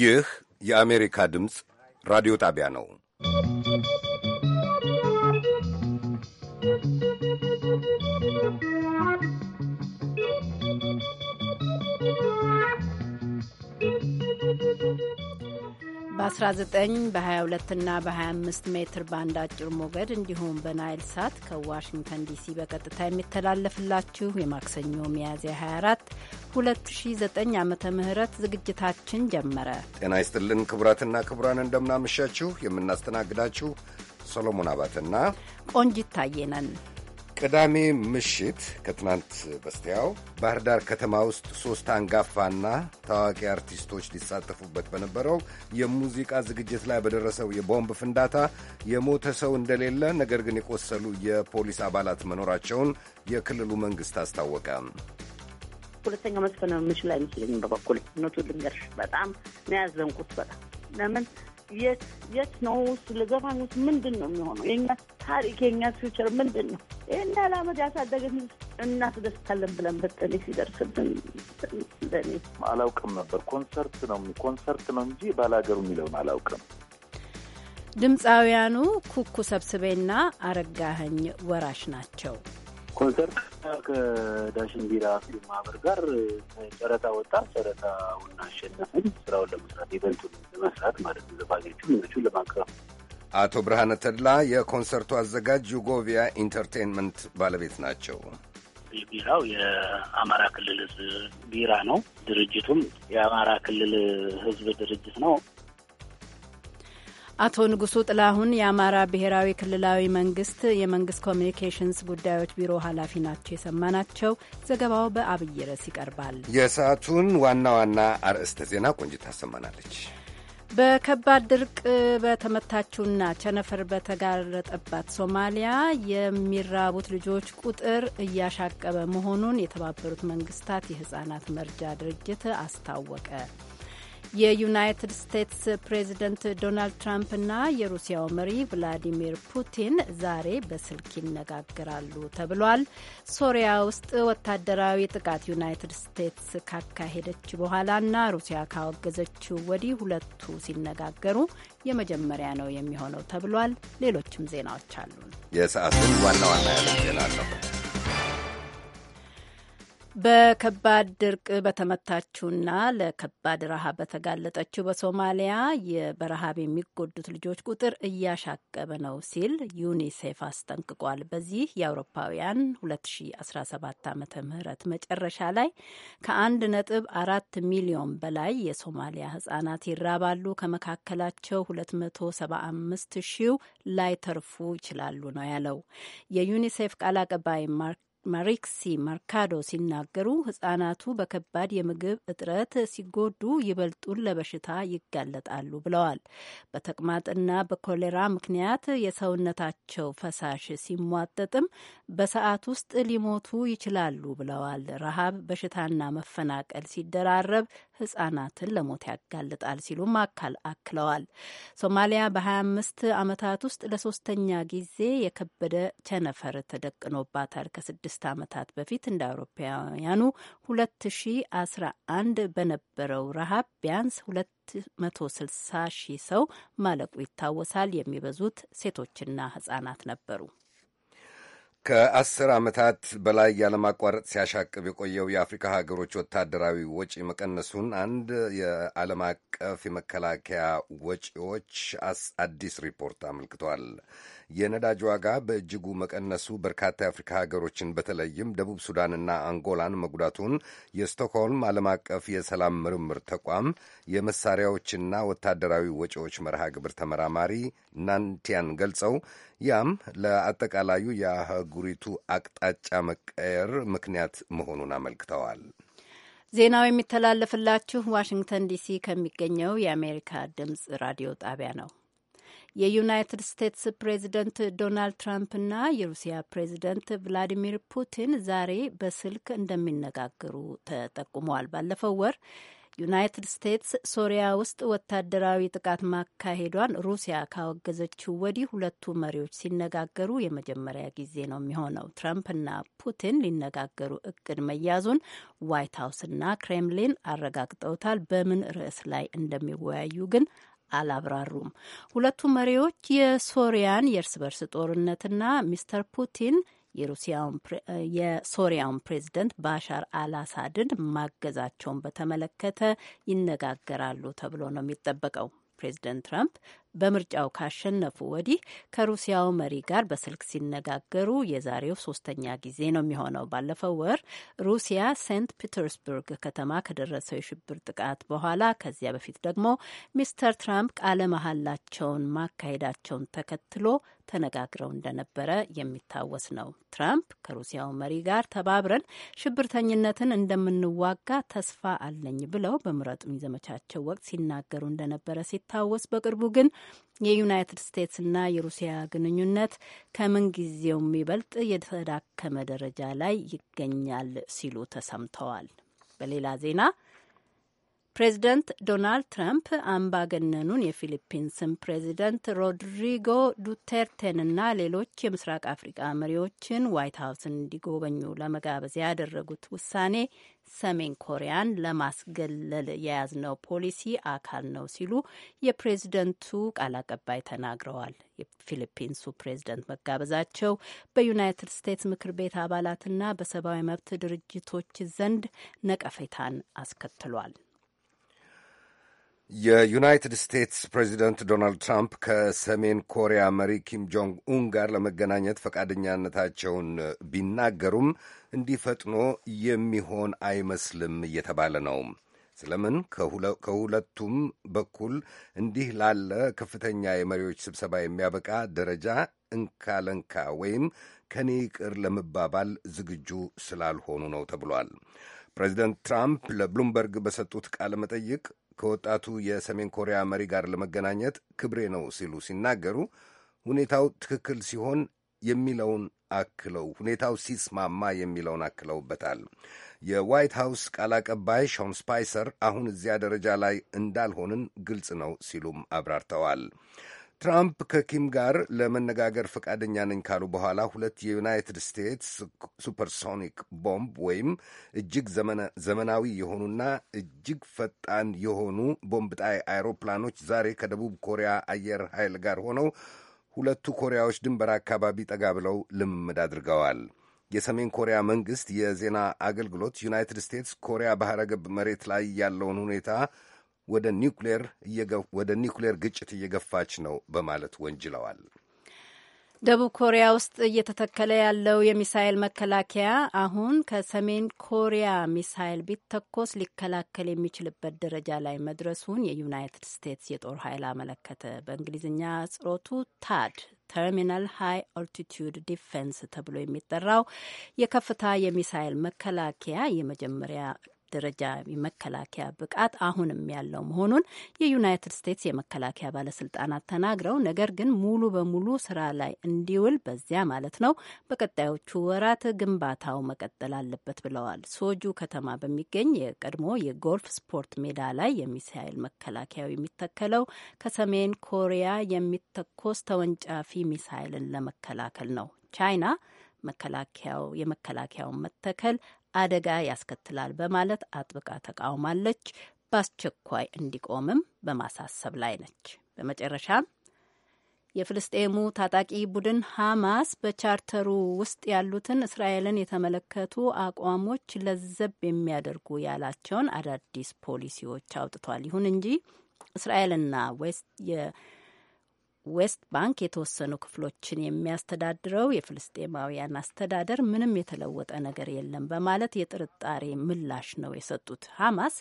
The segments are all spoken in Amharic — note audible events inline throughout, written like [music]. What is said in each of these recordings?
ይህ የአሜሪካ ድምፅ ራዲዮ ጣቢያ ነው። በ19 በ22 እና በ25 ሜትር ባንድ አጭር ሞገድ እንዲሁም በናይል ሳት ከዋሽንግተን ዲሲ በቀጥታ የሚተላለፍላችሁ የማክሰኞ ሚያዝያ 24 2009 ዓ ም ዝግጅታችን ጀመረ። ጤና ይስጥልን ክቡራትና ክቡራን፣ እንደምናመሻችሁ። የምናስተናግዳችሁ ሰሎሞን አባትና ቆንጂት ታየ ነን። ቅዳሜ ምሽት ከትናንት በስቲያው ባህር ዳር ከተማ ውስጥ ሦስት አንጋፋና ታዋቂ አርቲስቶች ሊሳተፉበት በነበረው የሙዚቃ ዝግጅት ላይ በደረሰው የቦምብ ፍንዳታ የሞተ ሰው እንደሌለ፣ ነገር ግን የቆሰሉ የፖሊስ አባላት መኖራቸውን የክልሉ መንግሥት አስታወቀ። ሁለተኛው መስፈን የምችል አይመስለኝም። በበኩል እውነቱ ልንገርሽ በጣም ነው ያዘንኩት። በጣም ለምን የት የት ነው ስለ ዘፋኞች ምንድን ነው የሚሆነው? የኛ ታሪክ የኛ ፊውቸር ምንድን ነው? ይህን ያላመድ ያሳደገን እናስደስታለን ብለን በጠኔ ሲደርስብን ለኔ አላውቅም ነበር። ኮንሰርት ነው ኮንሰርት ነው እንጂ ባላገሩ የሚለውን አላውቅም። ድምፃውያኑ ኩኩ ሰብስቤና አረጋኸኝ ወራሽ ናቸው። ኮንሰርት ከዳሽን ቢራ ፊልም ማህበር ጋር ጨረታ ወጣ። ጨረታውን አሸነፍን። ስራውን ለመስራት ኢቨንቱን ለመስራት ማለት ነው። ዘፋኞቹ ምኖቹን ለማቅረብ አቶ ብርሃነ ተድላ የኮንሰርቱ አዘጋጅ ዩጎቪያ ኢንተርቴንመንት ባለቤት ናቸው። ቢራው የአማራ ክልል ህዝብ ቢራ ነው። ድርጅቱም የአማራ ክልል ህዝብ ድርጅት ነው። አቶ ንጉሱ ጥላሁን የአማራ ብሔራዊ ክልላዊ መንግስት የመንግስት ኮሚኒኬሽንስ ጉዳዮች ቢሮ ኃላፊ ናቸው የሰማናቸው። ዘገባው በአብይ ርዕስ ይቀርባል። የሰዓቱን ዋና ዋና አርዕስተ ዜና ቆንጅት ታሰማናለች። በከባድ ድርቅ በተመታችውና ቸነፈር በተጋረጠባት ሶማሊያ የሚራቡት ልጆች ቁጥር እያሻቀበ መሆኑን የተባበሩት መንግስታት የህጻናት መርጃ ድርጅት አስታወቀ። የዩናይትድ ስቴትስ ፕሬዝደንት ዶናልድ ትራምፕ ና የሩሲያው መሪ ቭላዲሚር ፑቲን ዛሬ በስልክ ይነጋገራሉ ተብሏል። ሶሪያ ውስጥ ወታደራዊ ጥቃት ዩናይትድ ስቴትስ ካካሄደች በኋላና ሩሲያ ካወገዘችው ወዲህ ሁለቱ ሲነጋገሩ የመጀመሪያ ነው የሚሆነው ተብሏል። ሌሎችም ዜናዎች አሉን። የሰዓቱን ዋና ዋና ያለ ዜና በከባድ ድርቅ በተመታችውና ለከባድ ረሃብ በተጋለጠችው በሶማሊያ በረሃብ የሚጎዱት ልጆች ቁጥር እያሻቀበ ነው ሲል ዩኒሴፍ አስጠንቅቋል። በዚህ የአውሮፓውያን 2017 ዓ ም መጨረሻ ላይ ከአንድ ነጥብ አራት ሚሊዮን በላይ የሶማሊያ ህጻናት ይራባሉ። ከመካከላቸው 275 ሺው ላይ ተርፉ ይችላሉ ነው ያለው የዩኒሴፍ ቃል አቀባይ ማርክ ማሪክሲ መርካዶ ሲናገሩ ህጻናቱ በከባድ የምግብ እጥረት ሲጎዱ ይበልጡን ለበሽታ ይጋለጣሉ ብለዋል። በተቅማጥና በኮሌራ ምክንያት የሰውነታቸው ፈሳሽ ሲሟጠጥም በሰዓት ውስጥ ሊሞቱ ይችላሉ ብለዋል። ረሃብ፣ በሽታና መፈናቀል ሲደራረብ ህጻናትን ለሞት ያጋልጣል ሲሉም አካል አክለዋል። ሶማሊያ በ25 ዓመታት ውስጥ ለሶስተኛ ጊዜ የከበደ ቸነፈር ተደቅኖባታል። ከስድስት ዓመታት በፊት እንደ አውሮፓውያኑ 2011 በነበረው ረሃብ ቢያንስ 260 ሺህ ሰው ማለቁ ይታወሳል። የሚበዙት ሴቶችና ህጻናት ነበሩ። ከአስር ዓመታት በላይ ያለማቋረጥ ሲያሻቅብ የቆየው የአፍሪካ ሀገሮች ወታደራዊ ወጪ መቀነሱን አንድ የዓለም አቀፍ የመከላከያ ወጪዎች አዲስ ሪፖርት አመልክቷል። የነዳጅ ዋጋ በእጅጉ መቀነሱ በርካታ የአፍሪካ ሀገሮችን በተለይም ደቡብ ሱዳንና አንጎላን መጉዳቱን የስቶክሆልም ዓለም አቀፍ የሰላም ምርምር ተቋም የመሳሪያዎችና ወታደራዊ ወጪዎች መርሃ ግብር ተመራማሪ ናንቲያን ገልጸው ያም ለአጠቃላዩ የአህጉሪቱ አቅጣጫ መቀየር ምክንያት መሆኑን አመልክተዋል። ዜናው የሚተላለፍላችሁ ዋሽንግተን ዲሲ ከሚገኘው የአሜሪካ ድምፅ ራዲዮ ጣቢያ ነው። የዩናይትድ ስቴትስ ፕሬዚደንት ዶናልድ ትራምፕና የሩሲያ ፕሬዚደንት ቭላዲሚር ፑቲን ዛሬ በስልክ እንደሚነጋገሩ ተጠቁመዋል። ባለፈው ወር ዩናይትድ ስቴትስ ሶሪያ ውስጥ ወታደራዊ ጥቃት ማካሄዷን ሩሲያ ካወገዘችው ወዲህ ሁለቱ መሪዎች ሲነጋገሩ የመጀመሪያ ጊዜ ነው የሚሆነው። ትራምፕና ፑቲን ሊነጋገሩ እቅድ መያዙን ዋይት ሀውስና ክሬምሊን አረጋግጠውታል። በምን ርዕስ ላይ እንደሚወያዩ ግን አላብራሩም። ሁለቱ መሪዎች የሶሪያን የእርስ በርስ ጦርነትና ሚስተር ፑቲን የሶሪያውን ፕሬዝደንት ባሻር አልአሳድን ማገዛቸውን በተመለከተ ይነጋገራሉ ተብሎ ነው የሚጠበቀው። ፕሬዚደንት ትራምፕ በምርጫው ካሸነፉ ወዲህ ከሩሲያው መሪ ጋር በስልክ ሲነጋገሩ የዛሬው ሶስተኛ ጊዜ ነው የሚሆነው። ባለፈው ወር ሩሲያ ሴንት ፒተርስበርግ ከተማ ከደረሰው የሽብር ጥቃት በኋላ ከዚያ በፊት ደግሞ ሚስተር ትራምፕ ቃለ መሐላቸውን ማካሄዳቸውን ተከትሎ ተነጋግረው እንደነበረ የሚታወስ ነው። ትራምፕ ከሩሲያው መሪ ጋር ተባብረን ሽብርተኝነትን እንደምንዋጋ ተስፋ አለኝ ብለው በምረጡኝ ዘመቻቸው ወቅት ሲናገሩ እንደነበረ ሲታወስ፣ በቅርቡ ግን የዩናይትድ ስቴትስና የሩሲያ ግንኙነት ከምንጊዜው የሚበልጥ የተዳከመ ደረጃ ላይ ይገኛል ሲሉ ተሰምተዋል። በሌላ ዜና ፕሬዚደንት ዶናልድ ትራምፕ አምባገነኑን የፊሊፒንስን ፕሬዚደንት ሮድሪጎ ዱቴርቴንና ሌሎች የምስራቅ አፍሪቃ መሪዎችን ዋይት ሀውስን እንዲጎበኙ ለመጋበዝ ያደረጉት ውሳኔ ሰሜን ኮሪያን ለማስገለል የያዝነው ፖሊሲ አካል ነው ሲሉ የፕሬዝደንቱ ቃል አቀባይ ተናግረዋል። የፊሊፒንሱ ፕሬዝደንት መጋበዛቸው በዩናይትድ ስቴትስ ምክር ቤት አባላትና በሰብአዊ መብት ድርጅቶች ዘንድ ነቀፌታን አስከትሏል። የዩናይትድ ስቴትስ ፕሬዚደንት ዶናልድ ትራምፕ ከሰሜን ኮሪያ መሪ ኪም ጆንግ ኡን ጋር ለመገናኘት ፈቃደኛነታቸውን ቢናገሩም እንዲፈጥኖ የሚሆን አይመስልም እየተባለ ነው። ስለምን ከሁለቱም በኩል እንዲህ ላለ ከፍተኛ የመሪዎች ስብሰባ የሚያበቃ ደረጃ እንካለንካ ወይም ከኔ ይቅር ለመባባል ዝግጁ ስላልሆኑ ነው ተብሏል። ፕሬዚደንት ትራምፕ ለብሉምበርግ በሰጡት ቃለ መጠይቅ ከወጣቱ የሰሜን ኮሪያ መሪ ጋር ለመገናኘት ክብሬ ነው ሲሉ ሲናገሩ ሁኔታው ትክክል ሲሆን የሚለውን አክለው ሁኔታው ሲስማማ የሚለውን አክለውበታል። የዋይት ሀውስ ቃል አቀባይ ሾን ስፓይሰር አሁን እዚያ ደረጃ ላይ እንዳልሆንን ግልጽ ነው ሲሉም አብራርተዋል። ትራምፕ ከኪም ጋር ለመነጋገር ፈቃደኛ ነኝ ካሉ በኋላ ሁለት የዩናይትድ ስቴትስ ሱፐርሶኒክ ቦምብ ወይም እጅግ ዘመናዊ የሆኑና እጅግ ፈጣን የሆኑ ቦምብ ጣይ አይሮፕላኖች ዛሬ ከደቡብ ኮሪያ አየር ኃይል ጋር ሆነው ሁለቱ ኮሪያዎች ድንበር አካባቢ ጠጋ ብለው ልምምድ አድርገዋል። የሰሜን ኮሪያ መንግሥት የዜና አገልግሎት ዩናይትድ ስቴትስ ኮሪያ ባህረ ገብ መሬት ላይ ያለውን ሁኔታ ወደ ኒውክሌር ግጭት እየገፋች ነው በማለት ወንጅለዋል። ደቡብ ኮሪያ ውስጥ እየተተከለ ያለው የሚሳይል መከላከያ አሁን ከሰሜን ኮሪያ ሚሳይል ቢተኮስ ሊከላከል የሚችልበት ደረጃ ላይ መድረሱን የዩናይትድ ስቴትስ የጦር ኃይል አመለከተ። በእንግሊዝኛ ጽሮቱ ታድ ተርሚናል ሃይ አልቲቱድ ዲፌንስ ተብሎ የሚጠራው የከፍታ የሚሳይል መከላከያ የመጀመሪያ ደረጃ የመከላከያ ብቃት አሁንም ያለው መሆኑን የዩናይትድ ስቴትስ የመከላከያ ባለስልጣናት ተናግረው ነገር ግን ሙሉ በሙሉ ስራ ላይ እንዲውል በዚያ ማለት ነው በቀጣዮቹ ወራት ግንባታው መቀጠል አለበት ብለዋል። ሶጁ ከተማ በሚገኝ የቀድሞ የጎልፍ ስፖርት ሜዳ ላይ የሚሳኤል መከላከያው የሚተከለው ከሰሜን ኮሪያ የሚተኮስ ተወንጫፊ ሚሳይልን ለመከላከል ነው። ቻይና መከላከያው የመከላከያውን መተከል አደጋ ያስከትላል በማለት አጥብቃ ተቃውማለች። በአስቸኳይ እንዲቆምም በማሳሰብ ላይ ነች። በመጨረሻም የፍልስጤሙ ታጣቂ ቡድን ሐማስ በቻርተሩ ውስጥ ያሉትን እስራኤልን የተመለከቱ አቋሞች ለዘብ የሚያደርጉ ያላቸውን አዳዲስ ፖሊሲዎች አውጥቷል። ይሁን እንጂ እስራኤልና ዌስት ባንክ የተወሰኑ ክፍሎችን የሚያስተዳድረው የፍልስጤማውያን አስተዳደር ምንም የተለወጠ ነገር የለም በማለት የጥርጣሬ ምላሽ ነው የሰጡት። ሐማስ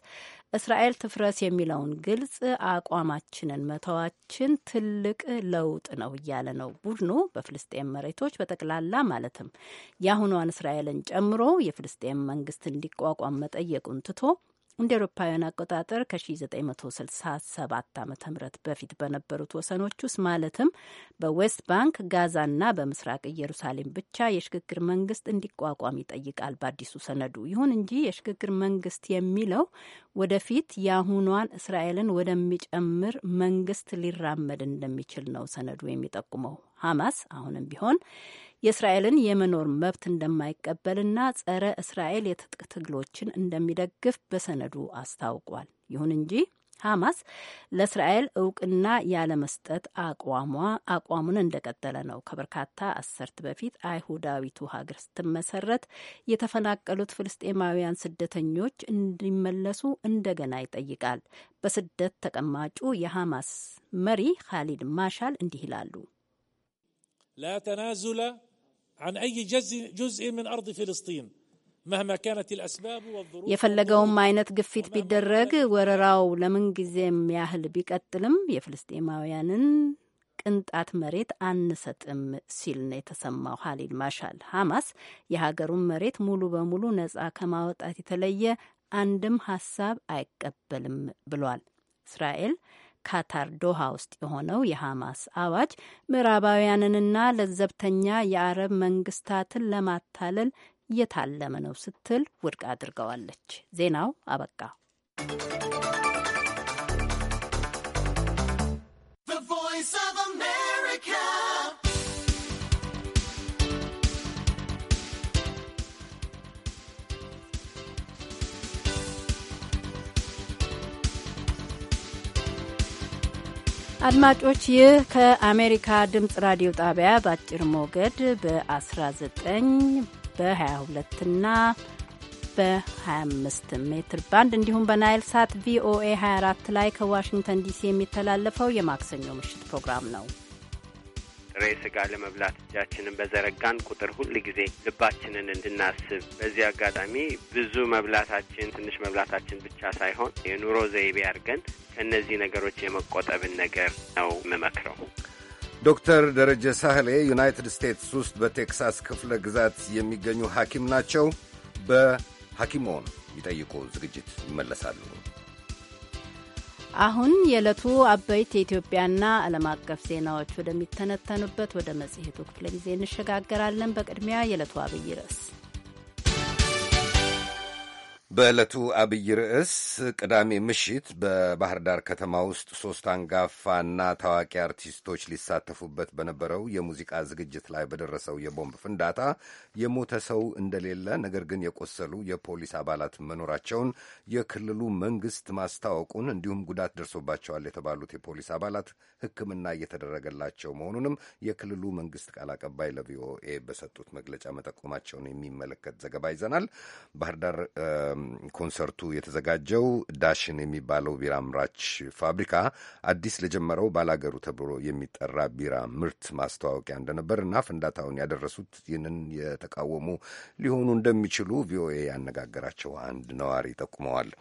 እስራኤል ትፍረስ የሚለውን ግልጽ አቋማችንን መተዋችን ትልቅ ለውጥ ነው እያለ ነው። ቡድኑ በፍልስጤም መሬቶች በጠቅላላ ማለትም የአሁኗን እስራኤልን ጨምሮ የፍልስጤም መንግስት እንዲቋቋም መጠየቁን ትቶ እንደ አውሮፓውያን አቆጣጠር ከ1967 ዓ ም በፊት በነበሩት ወሰኖች ውስጥ ማለትም በዌስት ባንክ ጋዛና በምስራቅ ኢየሩሳሌም ብቻ የሽግግር መንግስት እንዲቋቋም ይጠይቃል በአዲሱ ሰነዱ። ይሁን እንጂ የሽግግር መንግስት የሚለው ወደፊት የአሁኗን እስራኤልን ወደሚጨምር መንግስት ሊራመድ እንደሚችል ነው ሰነዱ የሚጠቁመው። ሐማስ አሁንም ቢሆን የእስራኤልን የመኖር መብት እንደማይቀበልና ጸረ እስራኤል የትጥቅ ትግሎችን እንደሚደግፍ በሰነዱ አስታውቋል። ይሁን እንጂ ሐማስ ለእስራኤል እውቅና ያለመስጠት አቋሟ አቋሙን እንደቀጠለ ነው። ከበርካታ አሰርት በፊት አይሁዳዊቱ ሀገር ስትመሰረት የተፈናቀሉት ፍልስጤማውያን ስደተኞች እንዲመለሱ እንደገና ይጠይቃል። በስደት ተቀማጩ የሐማስ መሪ ካሊድ ማሻል እንዲህ ይላሉ ላ ተናዙላ عن أي جزء, جزء من أرض فلسطين የፈለገውም አይነት ግፊት ቢደረግ ወረራው ለምን ጊዜም ያህል ቢቀጥልም የፍልስጤማውያንን ቅንጣት መሬት አንሰጥም ሲል ነው የተሰማው። ሀሊል ማሻል ሐማስ የሀገሩን መሬት ሙሉ በሙሉ ነጻ ከማውጣት የተለየ አንድም ሀሳብ አይቀበልም ብሏል። እስራኤል ካታር ዶሃ ውስጥ የሆነው የሐማስ አዋጅ ምዕራባውያንንና ለዘብተኛ የአረብ መንግስታትን ለማታለል እየታለመ ነው ስትል ውድቅ አድርገዋለች። ዜናው አበቃ። አድማጮች ይህ ከአሜሪካ ድምፅ ራዲዮ ጣቢያ በአጭር ሞገድ በ19 በ22 እና በ25 ሜትር ባንድ እንዲሁም በናይል ሳት ቪኦኤ 24 ላይ ከዋሽንግተን ዲሲ የሚተላለፈው የማክሰኞ ምሽት ፕሮግራም ነው። ጥሬ ስጋ ለመብላት እጃችንን በዘረጋን ቁጥር ሁል ጊዜ ልባችንን እንድናስብ፣ በዚህ አጋጣሚ ብዙ መብላታችን ትንሽ መብላታችን ብቻ ሳይሆን የኑሮ ዘይቤ አድርገን ከእነዚህ ነገሮች የመቆጠብን ነገር ነው የምመክረው። ዶክተር ደረጀ ሳህሌ ዩናይትድ ስቴትስ ውስጥ በቴክሳስ ክፍለ ግዛት የሚገኙ ሐኪም ናቸው። በሐኪሞን ይጠይቁ ዝግጅት ይመለሳሉ። አሁን የዕለቱ አበይት የኢትዮጵያና ዓለም አቀፍ ዜናዎች ወደሚተነተኑበት ወደ መጽሔቱ ክፍለ ጊዜ እንሸጋገራለን። በቅድሚያ የዕለቱ አብይ ርዕስ በዕለቱ አብይ ርዕስ ቅዳሜ ምሽት በባህር ዳር ከተማ ውስጥ ሶስት አንጋፋና ታዋቂ አርቲስቶች ሊሳተፉበት በነበረው የሙዚቃ ዝግጅት ላይ በደረሰው የቦምብ ፍንዳታ የሞተ ሰው እንደሌለ ነገር ግን የቆሰሉ የፖሊስ አባላት መኖራቸውን የክልሉ መንግስት ማስታወቁን እንዲሁም ጉዳት ደርሶባቸዋል የተባሉት የፖሊስ አባላት ሕክምና እየተደረገላቸው መሆኑንም የክልሉ መንግስት ቃል አቀባይ ለቪኦኤ በሰጡት መግለጫ መጠቆማቸውን የሚመለከት ዘገባ ይዘናል። ባህር ዳር ኮንሰርቱ የተዘጋጀው ዳሽን የሚባለው ቢራ አምራች ፋብሪካ አዲስ ለጀመረው ባላገሩ ተብሎ የሚጠራ ቢራ ምርት ማስተዋወቂያ እንደነበር እና ፍንዳታውን ያደረሱት ይህንን የተቃወሙ ሊሆኑ እንደሚችሉ ቪኦኤ ያነጋገራቸው አንድ ነዋሪ ጠቁመዋል።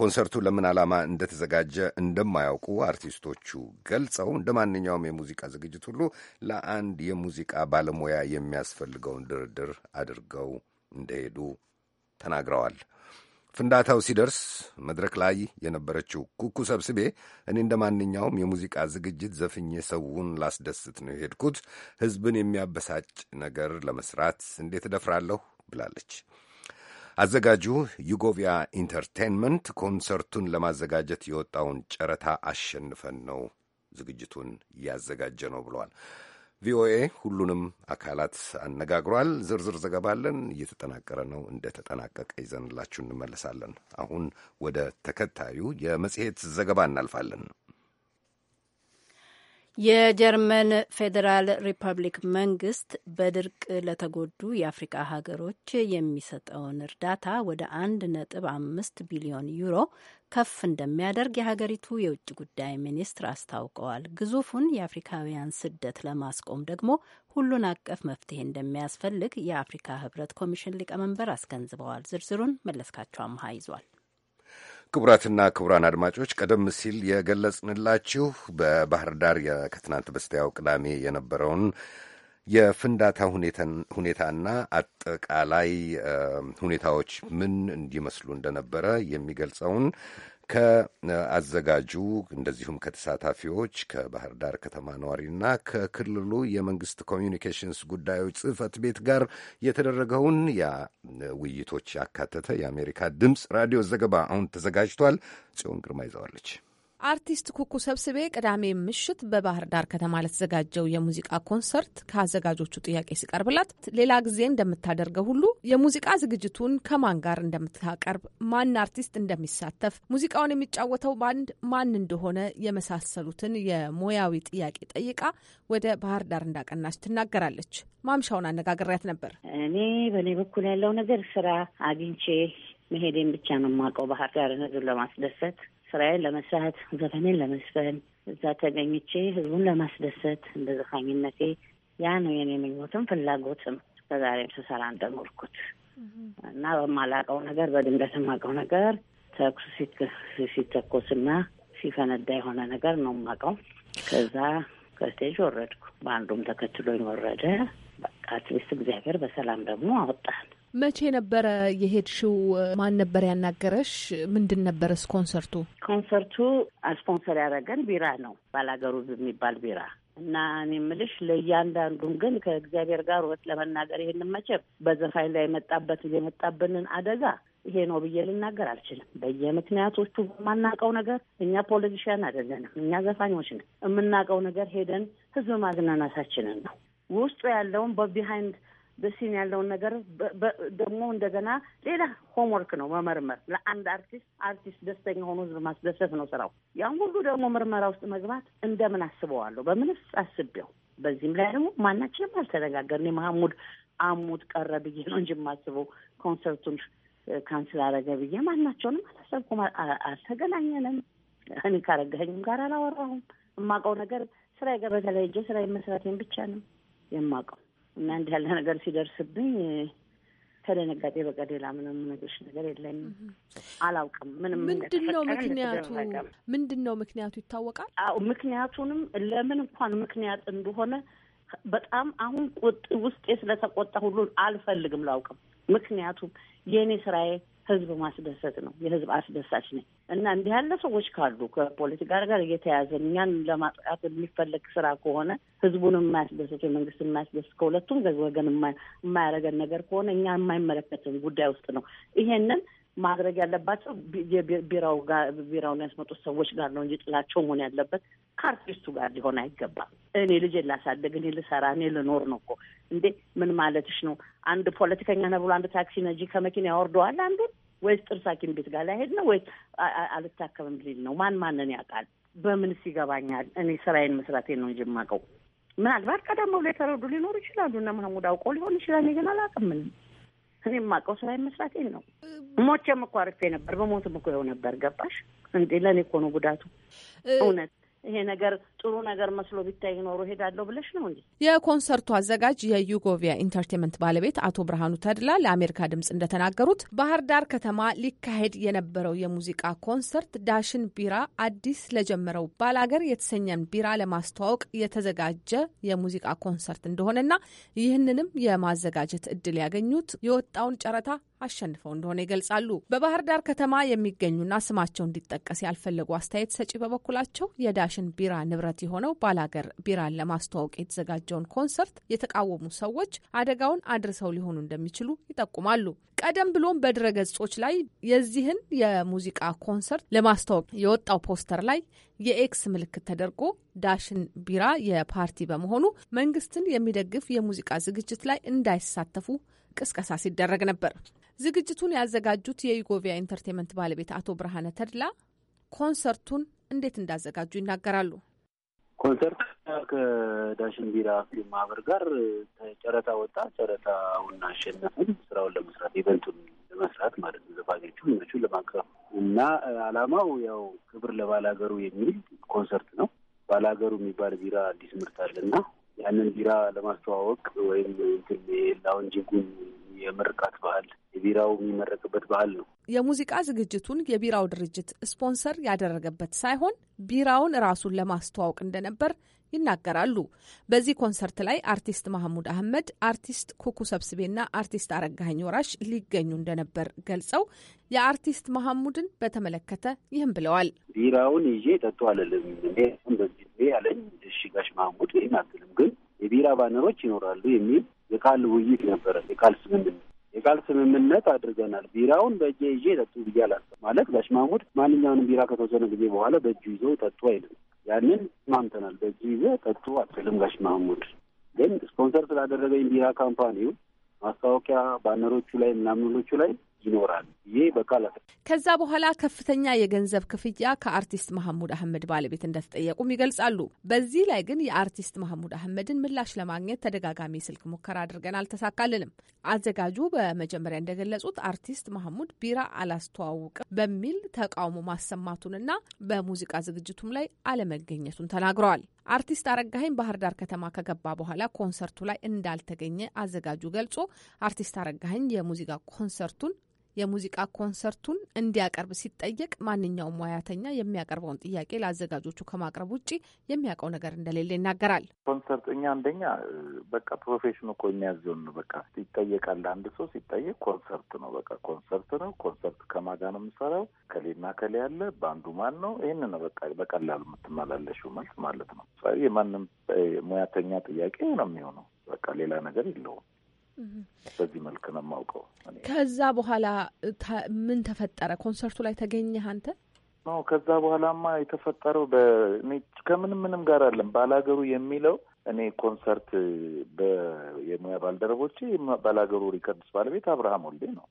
ኮንሰርቱ ለምን ዓላማ እንደተዘጋጀ እንደማያውቁ አርቲስቶቹ ገልጸው እንደ ማንኛውም የሙዚቃ ዝግጅት ሁሉ ለአንድ የሙዚቃ ባለሙያ የሚያስፈልገውን ድርድር አድርገው እንደሄዱ ተናግረዋል። ፍንዳታው ሲደርስ መድረክ ላይ የነበረችው ኩኩ ሰብስቤ እኔ እንደ ማንኛውም የሙዚቃ ዝግጅት ዘፍኜ ሰውን ላስደስት ነው የሄድኩት፣ ሕዝብን የሚያበሳጭ ነገር ለመስራት እንዴት እደፍራለሁ ብላለች። አዘጋጁ ዩጎቪያ ኢንተርቴንመንት ኮንሰርቱን ለማዘጋጀት የወጣውን ጨረታ አሸንፈን ነው ዝግጅቱን እያዘጋጀ ነው ብለዋል። ቪኦኤ ሁሉንም አካላት አነጋግሯል። ዝርዝር ዘገባለን እየተጠናቀረ ነው። ተጠናቀቀ ይዘንላችሁ እንመለሳለን። አሁን ወደ ተከታዩ የመጽሔት ዘገባ እናልፋለን። የጀርመን ፌዴራል ሪፐብሊክ መንግስት በድርቅ ለተጎዱ የአፍሪካ ሀገሮች የሚሰጠውን እርዳታ ወደ አንድ ነጥብ አምስት ቢሊዮን ዩሮ ከፍ እንደሚያደርግ የሀገሪቱ የውጭ ጉዳይ ሚኒስትር አስታውቀዋል። ግዙፉን የአፍሪካውያን ስደት ለማስቆም ደግሞ ሁሉን አቀፍ መፍትሄ እንደሚያስፈልግ የአፍሪካ ህብረት ኮሚሽን ሊቀመንበር አስገንዝበዋል። ዝርዝሩን መለስካቸው አምሃ ይዟል። ክቡራትና ክቡራን አድማጮች ቀደም ሲል የገለጽንላችሁ በባህር ዳር ከትናንት በስቲያው ቅዳሜ የነበረውን የፍንዳታ ሁኔታና አጠቃላይ ሁኔታዎች ምን እንዲመስሉ እንደነበረ የሚገልጸውን ከአዘጋጁ እንደዚሁም ከተሳታፊዎች ከባህር ዳር ከተማ ነዋሪና ከክልሉ የመንግስት ኮሚዩኒኬሽንስ ጉዳዮች ጽህፈት ቤት ጋር የተደረገውን ውይይቶች ያካተተ የአሜሪካ ድምፅ ራዲዮ ዘገባ አሁን ተዘጋጅቷል። ጽዮን ግርማ ይዘዋለች። አርቲስት ኩኩ ሰብስቤ ቅዳሜ ምሽት በባህር ዳር ከተማ ለተዘጋጀው የሙዚቃ ኮንሰርት ከአዘጋጆቹ ጥያቄ ሲቀርብላት ሌላ ጊዜ እንደምታደርገው ሁሉ የሙዚቃ ዝግጅቱን ከማን ጋር እንደምታቀርብ፣ ማን አርቲስት እንደሚሳተፍ፣ ሙዚቃውን የሚጫወተው ባንድ ማን እንደሆነ የመሳሰሉትን የሙያዊ ጥያቄ ጠይቃ ወደ ባህር ዳር እንዳቀናች ትናገራለች። ማምሻውን አነጋግሪያት ነበር። እኔ በእኔ በኩል ያለው ነገር ስራ አግኝቼ መሄዴን ብቻ ነው የማውቀው። ባህር ዳር ህዝብ ለማስደሰት ስራዬን ለመስራት፣ ዘፈኔን ለመስፈን እዛ ተገኝቼ ህዝቡን ለማስደሰት እንደ ዘፋኝነቴ ያ ነው የኔ ምኞትም ፍላጎትም እስከዛሬም ስሰራ እንደኖርኩት እና በማላቀው ነገር በድንገት የማውቀው ነገር ተኩስ ሲተኮስና ሲፈነዳ የሆነ ነገር ነው የማውቀው። ከዛ ከስቴጅ ወረድኩ። በአንዱም ተከትሎኝ ወረደ። በቃ አትሊስት እግዚአብሔር በሰላም ደግሞ አወጣል። መቼ ነበረ የሄድሽው? ማን ነበር ያናገረሽ? ምንድን ነበረስ ኮንሰርቱ? ኮንሰርቱ ስፖንሰር ያደረገን ቢራ ነው፣ ባላገሩ የሚባል ቢራ እና እኔ የምልሽ ለእያንዳንዱም ግን ከእግዚአብሔር ጋር ወት ለመናገር ይህን መቼም በዘፋኝ ላይ የመጣበት የመጣብንን አደጋ ይሄ ነው ብዬ ልናገር አልችልም። በየምክንያቶቹ በማናውቀው ነገር እኛ ፖለቲሽያን አይደለንም፣ እኛ ዘፋኞች ነን። የምናውቀው ነገር ሄደን ህዝብ ማዝናናታችንን ነው። ውስጡ ያለውን በቢሃይንድ በሲን ያለውን ነገር ደግሞ እንደገና ሌላ ሆምወርክ ነው መመርመር። ለአንድ አርቲስት አርቲስት ደስተኛ ሆኖ ህዝብ ማስደሰት ነው ስራው። ያን ሁሉ ደግሞ ምርመራ ውስጥ መግባት እንደምን አስበዋለሁ? በምንስ አስቤው? በዚህም ላይ ደግሞ ማናችንም አልተነጋገርን። መሐሙድ አሙድ ቀረ ብዬ ነው እንጂ የማስበው ኮንሰርቱን ካንስል አረገ ብዬ ማናቸውንም አላሰብኩም። አልተገናኘንም። እኔ ካረገኝም ጋር አላወራሁም። የማውቀው ነገር ስራ በተለይ እንጂ ስራ የመስራቴን ብቻ ነው የማውቀው። እና እንዲህ ያለ ነገር ሲደርስብኝ ከደነጋጤ በቀር ሌላ ምንም ነገሮች ነገር የለኝም። አላውቅም። ምንም ምንድን ነው ምክንያቱ? ምንድን ነው ምክንያቱ ይታወቃል። አዎ ምክንያቱንም ለምን እንኳን ምክንያት እንደሆነ በጣም አሁን ቁጥ ውስጤ ስለተቆጣ ሁሉ አልፈልግም ላውቅም። ምክንያቱም የእኔ ስራዬ ህዝብ ማስደሰት ነው። የህዝብ አስደሳች ነኝ። እና እንዲህ ያለ ሰዎች ካሉ ከፖለቲካ ጋር እየተያዘ እኛን ለማጥቃት የሚፈለግ ስራ ከሆነ ህዝቡን የማያስደስት የመንግስት የማያስደስት ከሁለቱም ወገን የማያደርገን ነገር ከሆነ እኛ የማይመለከትን ጉዳይ ውስጥ ነው። ይሄንን ማድረግ ያለባቸው የቢራው ቢራውን ያስመጡት ሰዎች ጋር ነው እንጂ ጥላቸው መሆን ያለበት ከአርቲስቱ ጋር ሊሆን አይገባም። እኔ ልጅ ላሳደግ፣ እኔ ልሰራ፣ እኔ ልኖር ነው እኮ እንዴ! ምን ማለትሽ ነው? አንድ ፖለቲከኛ ነው ብሎ አንድ ታክሲ ነጂ ከመኪና ያወርደዋል አንዱን ወይስ ጥርስ ሐኪም ቤት ጋር ላይሄድ ነው ወይስ አልታከምም ሊል ነው? ማን ማንን ያውቃል? በምንስ ይገባኛል? እኔ ስራዬን መስራቴን ነው እንጂ የማውቀው። ምናልባት ቀደም ብሎ የተረዱ ሊኖሩ ይችላሉ። እነ መሐሙድ አውቀው ሊሆን ይችላል። እኔ ግን አላውቅም እኔ የማውቀው ስራዬን መስራቴን ነው። ሞቼም እኮ አርፌ ነበር። በሞትም እኮ ይኸው ነበር። ገባሽ እንዴ? ለእኔ እኮ ነው ጉዳቱ እውነት ይሄ ነገር ጥሩ ነገር መስሎ ቢታይ ኖሮ ሄዳለሁ ብለሽ ነው እንዴ? የኮንሰርቱ አዘጋጅ የዩጎቪያ ኢንተርቴንመንት ባለቤት አቶ ብርሃኑ ተድላ ለአሜሪካ ድምጽ እንደተናገሩት ባህር ዳር ከተማ ሊካሄድ የነበረው የሙዚቃ ኮንሰርት ዳሽን ቢራ አዲስ ለጀመረው ባላገር የተሰኘን ቢራ ለማስተዋወቅ የተዘጋጀ የሙዚቃ ኮንሰርት እንደሆነና ይህንንም የማዘጋጀት እድል ያገኙት የወጣውን ጨረታ አሸንፈው እንደሆነ ይገልጻሉ። በባህር ዳር ከተማ የሚገኙና ስማቸው እንዲጠቀስ ያልፈለጉ አስተያየት ሰጪ በበኩላቸው የዳሽን ቢራ ንብረት የሆነው ባላገር ቢራን ለማስተዋወቅ የተዘጋጀውን ኮንሰርት የተቃወሙ ሰዎች አደጋውን አድርሰው ሊሆኑ እንደሚችሉ ይጠቁማሉ። ቀደም ብሎም በድረ ገጾች ላይ የዚህን የሙዚቃ ኮንሰርት ለማስተዋወቅ የወጣው ፖስተር ላይ የኤክስ ምልክት ተደርጎ ዳሽን ቢራ የፓርቲ በመሆኑ መንግስትን የሚደግፍ የሙዚቃ ዝግጅት ላይ እንዳይሳተፉ ቅስቀሳ ሲደረግ ነበር። ዝግጅቱን ያዘጋጁት የዩጎቪያ ኢንተርቴንመንት ባለቤት አቶ ብርሃነ ተድላ ኮንሰርቱን እንዴት እንዳዘጋጁ ይናገራሉ። ኮንሰርት ከዳሽን ቢራ ፊልም ማህበር ጋር ጨረታ ወጣ። ጨረታውን አሸነፍን። ስራውን ለመስራት ኢቨንቱን ለመስራት ማለት ነው። ዘፋኞቹ ቹ ለማቅረብ እና አላማው ያው ክብር ለባላገሩ የሚል ኮንሰርት ነው። ባላገሩ የሚባል ቢራ አዲስ ምርት አለና ያንን ቢራ ለማስተዋወቅ ወይም ላውንጂንጉን የምርቃት ባህል የቢራው የሚመረቅበት ባህል ነው። የሙዚቃ ዝግጅቱን የቢራው ድርጅት ስፖንሰር ያደረገበት ሳይሆን ቢራውን ራሱን ለማስተዋወቅ እንደነበር ይናገራሉ። በዚህ ኮንሰርት ላይ አርቲስት መሐሙድ አህመድ፣ አርቲስት ኩኩ ሰብስቤና አርቲስት አረጋኸኝ ወራሽ ሊገኙ እንደነበር ገልጸው የአርቲስት መሐሙድን በተመለከተ ይህም ብለዋል። ቢራውን ይዤ ጠጡ አለልም እኔ በዚህ ጊዜ አለኝ። እሺ ጋሽ መሐሙድ ይህን አትልም፣ ግን የቢራ ባነሮች ይኖራሉ የሚል የቃል ውይይት ነበረ። የቃል ስምምነት የቃል ስምምነት አድርገናል። ቢራውን በእጄ ይዤ ጠጡ ብዬ አላልኩም። ማለት በሽማሙድ ማንኛውንም ቢራ ከተወሰነ ጊዜ በኋላ በእጁ ይዞ ጠጡ አይልም። ያንን ስማምተናል። በእጁ ይዞ ጠጡ አትልም በሽማሙድ ግን ስፖንሰር ስላደረገኝ ቢራ ካምፓኒው ማስታወቂያ ባነሮቹ ላይ ምናምኖቹ ላይ ይኖራል። ይህ በቃል ከዛ በኋላ ከፍተኛ የገንዘብ ክፍያ ከአርቲስት መሐሙድ አህመድ ባለቤት እንደተጠየቁም ይገልጻሉ። በዚህ ላይ ግን የአርቲስት መሐሙድ አህመድን ምላሽ ለማግኘት ተደጋጋሚ ስልክ ሙከራ አድርገን አልተሳካልንም። አዘጋጁ በመጀመሪያ እንደገለጹት አርቲስት መሐሙድ ቢራ አላስተዋውቅም በሚል ተቃውሞ ማሰማቱንና በሙዚቃ ዝግጅቱም ላይ አለመገኘቱን ተናግረዋል። አርቲስት አረጋኸኝ ባህር ዳር ከተማ ከገባ በኋላ ኮንሰርቱ ላይ እንዳልተገኘ አዘጋጁ ገልጾ አርቲስት አረጋኸኝ የሙዚቃ ኮንሰርቱን የሙዚቃ ኮንሰርቱን እንዲያቀርብ ሲጠየቅ ማንኛውም ሙያተኛ የሚያቀርበውን ጥያቄ ለአዘጋጆቹ ከማቅረብ ውጭ የሚያውቀው ነገር እንደሌለ ይናገራል። ኮንሰርት እኛ አንደኛ በቃ ፕሮፌሽኑ እኮ የሚያዘውን ነው። በቃ ይጠየቃል። አንድ ሰው ሲጠየቅ ኮንሰርት ነው። በቃ ኮንሰርት ነው። ኮንሰርት ከማጋ ነው የምሰራው፣ ከሌና ከሌ ያለ በአንዱ ማን ነው። ይህን ነው በቃ በቀላሉ የምትመላለሽው መልስ ማለት ነው። የማንም ሙያተኛ ጥያቄ ነው የሚሆነው። በቃ ሌላ ነገር የለውም። በዚህ መልክ ነው የማውቀው። ከዛ በኋላ ምን ተፈጠረ? ኮንሰርቱ ላይ ተገኘህ አንተ? ነው ከዛ በኋላማ የተፈጠረው ከምንም ምንም ጋር አለም ባላገሩ የሚለው እኔ ኮንሰርት የሙያ ባልደረቦቼ ባላገሩ ሪከርድስ ባለቤት አብርሃም ወልዴ ነው።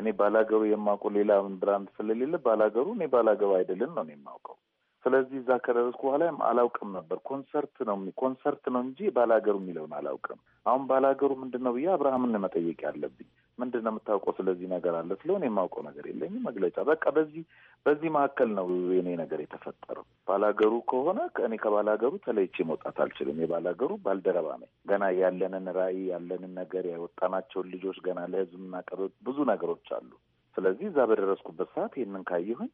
እኔ ባላገሩ የማውቀው ሌላ ብራንድ ስለሌለ ባላገሩ እኔ ባላገሩ አይደለም ነው የማውቀው። ስለዚህ እዛ ከደረስኩ በኋላ አላውቅም ነበር። ኮንሰርት ነው ኮንሰርት ነው እንጂ ባላገሩ የሚለውን አላውቅም። አሁን ባላገሩ ምንድን ነው ብዬ አብርሃምን መጠየቅ ያለብኝ ምንድን ነው የምታውቀው ስለዚህ ነገር አለ ስለሆነ የማውቀው ነገር የለኝም። መግለጫ በቃ በዚህ በዚህ መካከል ነው የኔ ነገር የተፈጠረው። ባላገሩ ከሆነ እኔ ከባላገሩ ተለይቼ መውጣት አልችልም። የባላገሩ ባልደረባ ነኝ። ገና ያለንን ራዕይ ያለንን ነገር ያወጣናቸውን ልጆች ገና ለህዝብ የምናቀርብ ብዙ ነገሮች አሉ። ስለዚህ እዛ በደረስኩበት ሰዓት ይህንን ካየሁኝ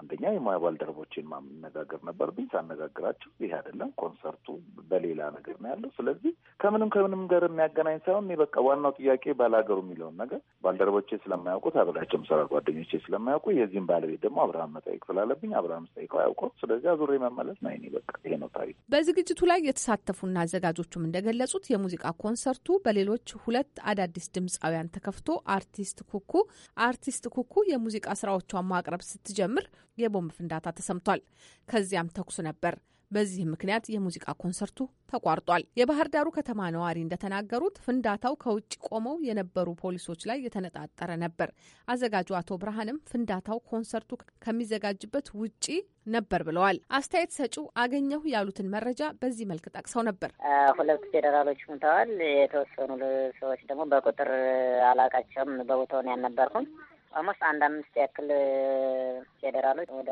አንደኛ የሙያ ባልደረቦቼን ማነጋገር ነበርብኝ። ሳነጋግራቸው ይህ አይደለም ኮንሰርቱ በሌላ ነገር ነው ያለው። ስለዚህ ከምንም ከምንም ጋር የሚያገናኝ ሳይሆን በቃ ዋናው ጥያቄ ባላገሩ የሚለውን ነገር ባልደረቦቼ ስለማያውቁት አብሬያቸውም ስራ ጓደኞቼ ስለማያውቁ የዚህም ባለቤት ደግሞ አብርሃም መጠየቅ ስላለብኝ አብርሃም ስጠይቀው አያውቀው። ስለዚህ አዙሬ መመለስ ነው። ይኔ በቃ ይሄ ነው ታሪክ። በዝግጅቱ ላይ የተሳተፉና አዘጋጆቹም እንደገለጹት የሙዚቃ ኮንሰርቱ በሌሎች ሁለት አዳዲስ ድምፃውያን ተከፍቶ አርቲስት ኩኩ አርቲስት ኩኩ የሙዚቃ ስራዎቿን ማቅረብ ስትጀምር የቦምብ ፍንዳታ ተሰምቷል። ከዚያም ተኩስ ነበር። በዚህ ምክንያት የሙዚቃ ኮንሰርቱ ተቋርጧል። የባህር ዳሩ ከተማ ነዋሪ እንደተናገሩት ፍንዳታው ከውጭ ቆመው የነበሩ ፖሊሶች ላይ የተነጣጠረ ነበር። አዘጋጁ አቶ ብርሃንም ፍንዳታው ኮንሰርቱ ከሚዘጋጅበት ውጪ ነበር ብለዋል። አስተያየት ሰጪው አገኘሁ ያሉትን መረጃ በዚህ መልክ ጠቅሰው ነበር። ሁለት ፌዴራሎች ሙተዋል። የተወሰኑ ሰዎች ደግሞ በቁጥር አላቃቸውም። በቦታውን ያልነበርኩም ኦልሞስት አንድ አምስት ያክል ፌዴራሎች ወደ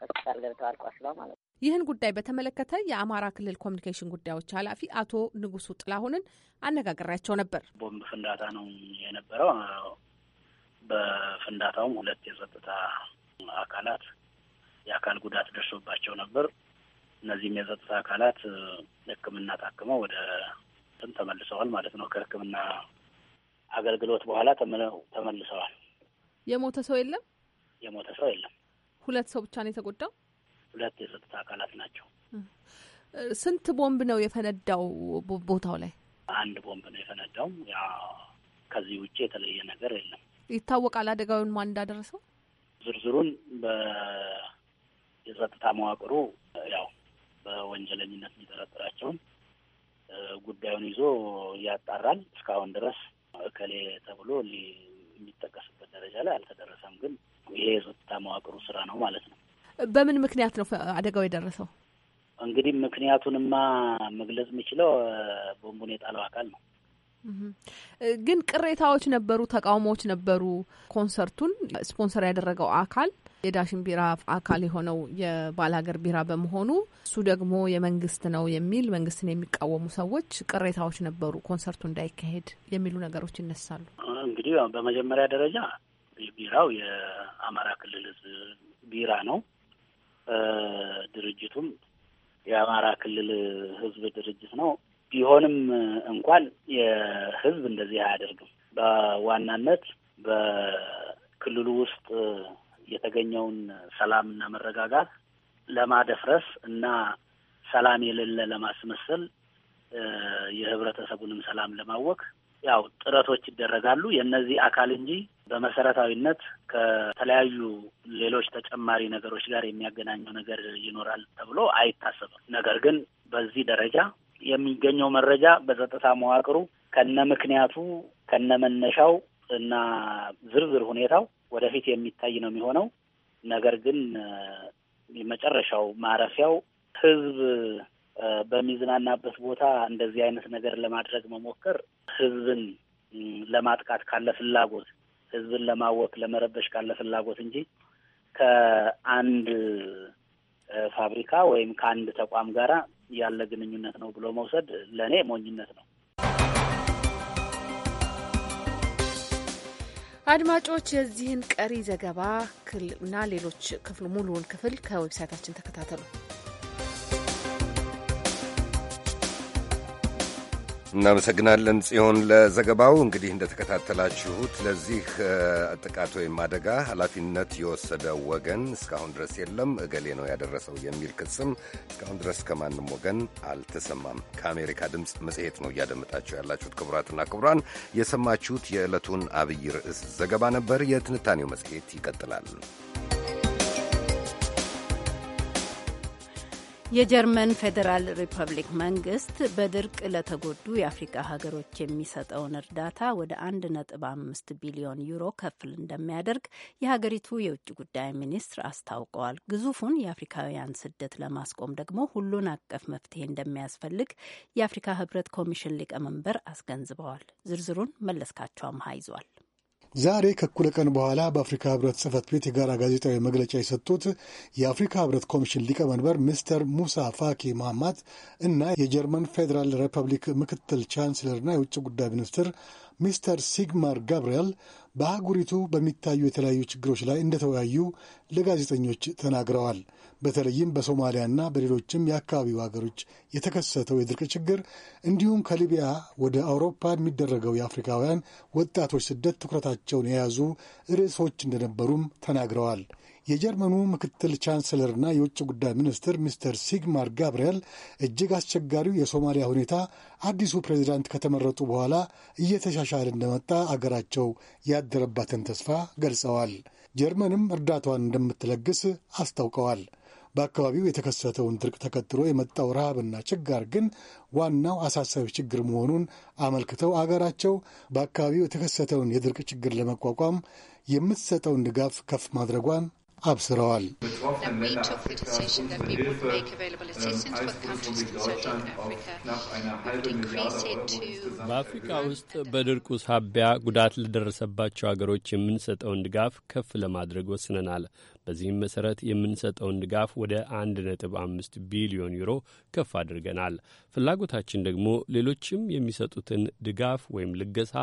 ሆስፒታል ገብተዋል ቆስለው ማለት ነው። ይህን ጉዳይ በተመለከተ የአማራ ክልል ኮሚኒኬሽን ጉዳዮች ኃላፊ አቶ ንጉሱ ጥላሁንን አነጋግሬያቸው ነበር። ቦምብ ፍንዳታ ነው የነበረው። በፍንዳታውም ሁለት የጸጥታ አካላት የአካል ጉዳት ደርሶባቸው ነበር። እነዚህም የጸጥታ አካላት ሕክምና ታክመው ወደ እንትን ተመልሰዋል ማለት ነው። ከሕክምና አገልግሎት በኋላ ተመልሰዋል። የሞተ ሰው የለም። የሞተ ሰው የለም። ሁለት ሰው ብቻ ነው የተጎዳው። ሁለት የጸጥታ አካላት ናቸው። ስንት ቦምብ ነው የፈነዳው ቦታው ላይ? አንድ ቦምብ ነው የፈነዳው። ያ ከዚህ ውጭ የተለየ ነገር የለም። ይታወቃል አደጋውን ማን እንዳደረሰው ዝርዝሩን የጸጥታ መዋቅሩ ያው በወንጀለኝነት የሚጠረጥራቸውን ጉዳዩን ይዞ ያጣራል። እስካሁን ድረስ እከሌ ተብሎ የሚጠቀስ ደረጃ ላይ አልተደረሰም። ግን ይሄ የጸጥታ መዋቅሩ ስራ ነው ማለት ነው። በምን ምክንያት ነው አደጋው የደረሰው? እንግዲህ ምክንያቱንማ መግለጽ የሚችለው ቦምቡን የጣለው አካል ነው። ግን ቅሬታዎች ነበሩ፣ ተቃውሞዎች ነበሩ። ኮንሰርቱን ስፖንሰር ያደረገው አካል የዳሽን ቢራ አካል የሆነው የባላገር ቢራ በመሆኑ እሱ ደግሞ የመንግስት ነው የሚል መንግስትን የሚቃወሙ ሰዎች ቅሬታዎች ነበሩ፣ ኮንሰርቱ እንዳይካሄድ የሚሉ ነገሮች ይነሳሉ። እንግዲህ በመጀመሪያ ደረጃ ቢራው የአማራ ክልል ህዝብ ቢራ ነው። ድርጅቱም የአማራ ክልል ህዝብ ድርጅት ነው። ቢሆንም እንኳን የህዝብ እንደዚህ አያደርግም። በዋናነት በክልሉ ውስጥ የተገኘውን ሰላምና መረጋጋት ለማደፍረስ እና ሰላም የሌለ ለማስመሰል የህብረተሰቡንም ሰላም ለማወክ ያው ጥረቶች ይደረጋሉ። የእነዚህ አካል እንጂ በመሰረታዊነት ከተለያዩ ሌሎች ተጨማሪ ነገሮች ጋር የሚያገናኘው ነገር ይኖራል ተብሎ አይታሰብም። ነገር ግን በዚህ ደረጃ የሚገኘው መረጃ በጸጥታ መዋቅሩ ከነ ምክንያቱ ከነ መነሻው እና ዝርዝር ሁኔታው ወደፊት የሚታይ ነው የሚሆነው። ነገር ግን የመጨረሻው ማረፊያው ህዝብ በሚዝናናበት ቦታ እንደዚህ አይነት ነገር ለማድረግ መሞከር ህዝብን ለማጥቃት ካለ ፍላጎት፣ ህዝብን ለማወክ ለመረበሽ ካለ ፍላጎት እንጂ ከአንድ ፋብሪካ ወይም ከአንድ ተቋም ጋራ ያለ ግንኙነት ነው ብሎ መውሰድ ለእኔ ሞኝነት ነው። አድማጮች የዚህን ቀሪ ዘገባ እና ሌሎች ክፍል ሙሉውን ክፍል ከዌብሳይታችን ተከታተሉ። እናመሰግናለን ጽዮን ለዘገባው። እንግዲህ እንደተከታተላችሁት ለዚህ ጥቃት ወይም አደጋ ኃላፊነት የወሰደ ወገን እስካሁን ድረስ የለም። እገሌ ነው ያደረሰው የሚል ክስም እስካሁን ድረስ ከማንም ወገን አልተሰማም። ከአሜሪካ ድምፅ መጽሔት ነው እያደመጣችሁ ያላችሁት። ክቡራትና ክቡራን የሰማችሁት የዕለቱን አብይ ርዕስ ዘገባ ነበር። የትንታኔው መጽሔት ይቀጥላል። የጀርመን ፌዴራል ሪፐብሊክ መንግስት በድርቅ ለተጎዱ የአፍሪካ ሀገሮች የሚሰጠውን እርዳታ ወደ አንድ ቢሊዮን ዩሮ ከፍል እንደሚያደርግ የሀገሪቱ የውጭ ጉዳይ ሚኒስትር አስታውቀዋል። ግዙፉን የአፍሪካውያን ስደት ለማስቆም ደግሞ ሁሉን አቀፍ መፍትሄ እንደሚያስፈልግ የአፍሪካ ህብረት ኮሚሽን ሊቀመንበር አስገንዝበዋል። ዝርዝሩን መለስካቸው አምሃ ይዟል። ዛሬ ከእኩለ ቀን በኋላ በአፍሪካ ህብረት ጽህፈት ቤት የጋራ ጋዜጣዊ መግለጫ የሰጡት የአፍሪካ ህብረት ኮሚሽን ሊቀመንበር ሚስተር ሙሳ ፋኪ ማማት እና የጀርመን ፌዴራል ሪፐብሊክ ምክትል ቻንስለርና የውጭ ጉዳይ ሚኒስትር ሚስተር ሲግማር ጋብርኤል በአህጉሪቱ በሚታዩ የተለያዩ ችግሮች ላይ እንደተወያዩ ለጋዜጠኞች ተናግረዋል። በተለይም በሶማሊያና በሌሎችም የአካባቢው ሀገሮች የተከሰተው የድርቅ ችግር እንዲሁም ከሊቢያ ወደ አውሮፓ የሚደረገው የአፍሪካውያን ወጣቶች ስደት ትኩረታቸውን የያዙ ርዕሶች እንደነበሩም ተናግረዋል። የጀርመኑ ምክትል ቻንስለርና የውጭ ጉዳይ ሚኒስትር ሚስተር ሲግማር ጋብርኤል እጅግ አስቸጋሪው የሶማሊያ ሁኔታ አዲሱ ፕሬዚዳንት ከተመረጡ በኋላ እየተሻሻለ እንደመጣ አገራቸው ያደረባትን ተስፋ ገልጸዋል። ጀርመንም እርዳታዋን እንደምትለግስ አስታውቀዋል። በአካባቢው የተከሰተውን ድርቅ ተከትሎ የመጣው ረሃብና ችጋር ግን ዋናው አሳሳቢ ችግር መሆኑን አመልክተው አገራቸው በአካባቢው የተከሰተውን የድርቅ ችግር ለመቋቋም የምትሰጠውን ድጋፍ ከፍ ማድረጓን አብስረዋል። በአፍሪካ ውስጥ በድርቁ ሳቢያ ጉዳት ለደረሰባቸው አገሮች የምንሰጠውን ድጋፍ ከፍ ለማድረግ ወስነናል። በዚህም መሠረት የምንሰጠውን ድጋፍ ወደ 1.5 ቢሊዮን ዩሮ ከፍ አድርገናል። ፍላጎታችን ደግሞ ሌሎችም የሚሰጡትን ድጋፍ ወይም ልገሳ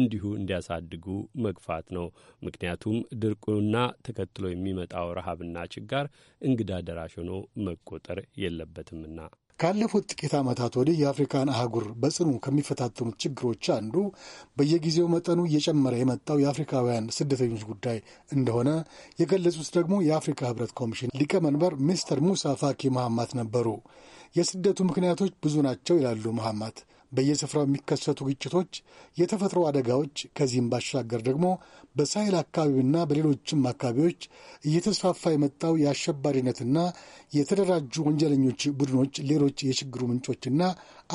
እንዲሁ እንዲያሳድጉ መግፋት ነው። ምክንያቱም ድርቁና ተከትሎ የሚመጣው ረሃብና ችጋር እንግዳ ደራሽ ሆኖ መቆጠር የለበትምና። ካለፉት ጥቂት ዓመታት ወዲህ የአፍሪካን አህጉር በጽኑ ከሚፈታተኑት ችግሮች አንዱ በየጊዜው መጠኑ እየጨመረ የመጣው የአፍሪካውያን ስደተኞች ጉዳይ እንደሆነ የገለጹት ደግሞ የአፍሪካ ህብረት ኮሚሽን ሊቀመንበር ሚስተር ሙሳ ፋኪ መሐማት ነበሩ። የስደቱ ምክንያቶች ብዙ ናቸው ይላሉ መሐማት። በየስፍራው የሚከሰቱ ግጭቶች፣ የተፈጥሮ አደጋዎች ከዚህም ባሻገር ደግሞ በሳሄል አካባቢና በሌሎችም አካባቢዎች እየተስፋፋ የመጣው የአሸባሪነትና የተደራጁ ወንጀለኞች ቡድኖች ሌሎች የችግሩ ምንጮችና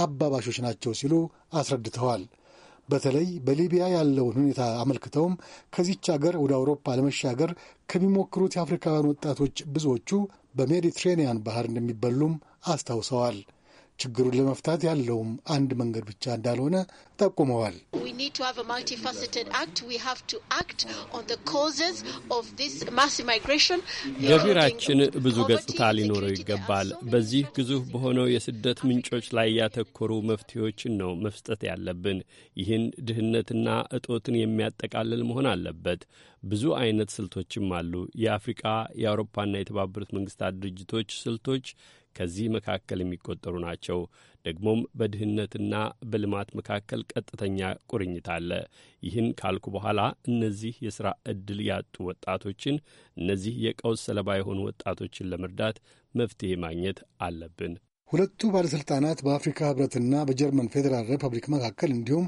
አባባሾች ናቸው ሲሉ አስረድተዋል። በተለይ በሊቢያ ያለውን ሁኔታ አመልክተውም ከዚች አገር ወደ አውሮፓ ለመሻገር ከሚሞክሩት የአፍሪካውያን ወጣቶች ብዙዎቹ በሜዲትሬንያን ባህር እንደሚበሉም አስታውሰዋል። ችግሩን ለመፍታት ያለውም አንድ መንገድ ብቻ እንዳልሆነ ጠቁመዋል። ገቢራችን ብዙ ገጽታ ሊኖረው ይገባል። በዚህ ግዙፍ በሆነው የስደት ምንጮች ላይ ያተኮሩ መፍትሄዎችን ነው መፍጠት ያለብን። ይህን ድህነትና እጦትን የሚያጠቃልል መሆን አለበት። ብዙ አይነት ስልቶችም አሉ። የአፍሪቃ የአውሮፓና የተባበሩት መንግስታት ድርጅቶች ስልቶች ከዚህ መካከል የሚቆጠሩ ናቸው። ደግሞም በድህነትና በልማት መካከል ቀጥተኛ ቁርኝት አለ። ይህን ካልኩ በኋላ እነዚህ የሥራ ዕድል ያጡ ወጣቶችን፣ እነዚህ የቀውስ ሰለባ የሆኑ ወጣቶችን ለመርዳት መፍትሄ ማግኘት አለብን። ሁለቱ ባለሥልጣናት በአፍሪካ ህብረትና በጀርመን ፌዴራል ሪፐብሊክ መካከል እንዲሁም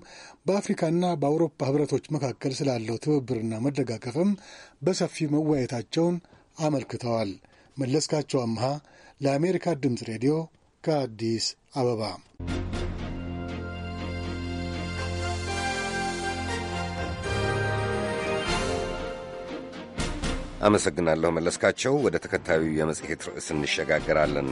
በአፍሪካና በአውሮፓ ህብረቶች መካከል ስላለው ትብብርና መደጋገፍም በሰፊ መወያየታቸውን አመልክተዋል። መለስካቸው አምሃ ለአሜሪካ ድምፅ ሬዲዮ ከአዲስ አበባ አመሰግናለሁ መለስካቸው። ወደ ተከታዩ የመጽሔት ርዕስ እንሸጋገራለን።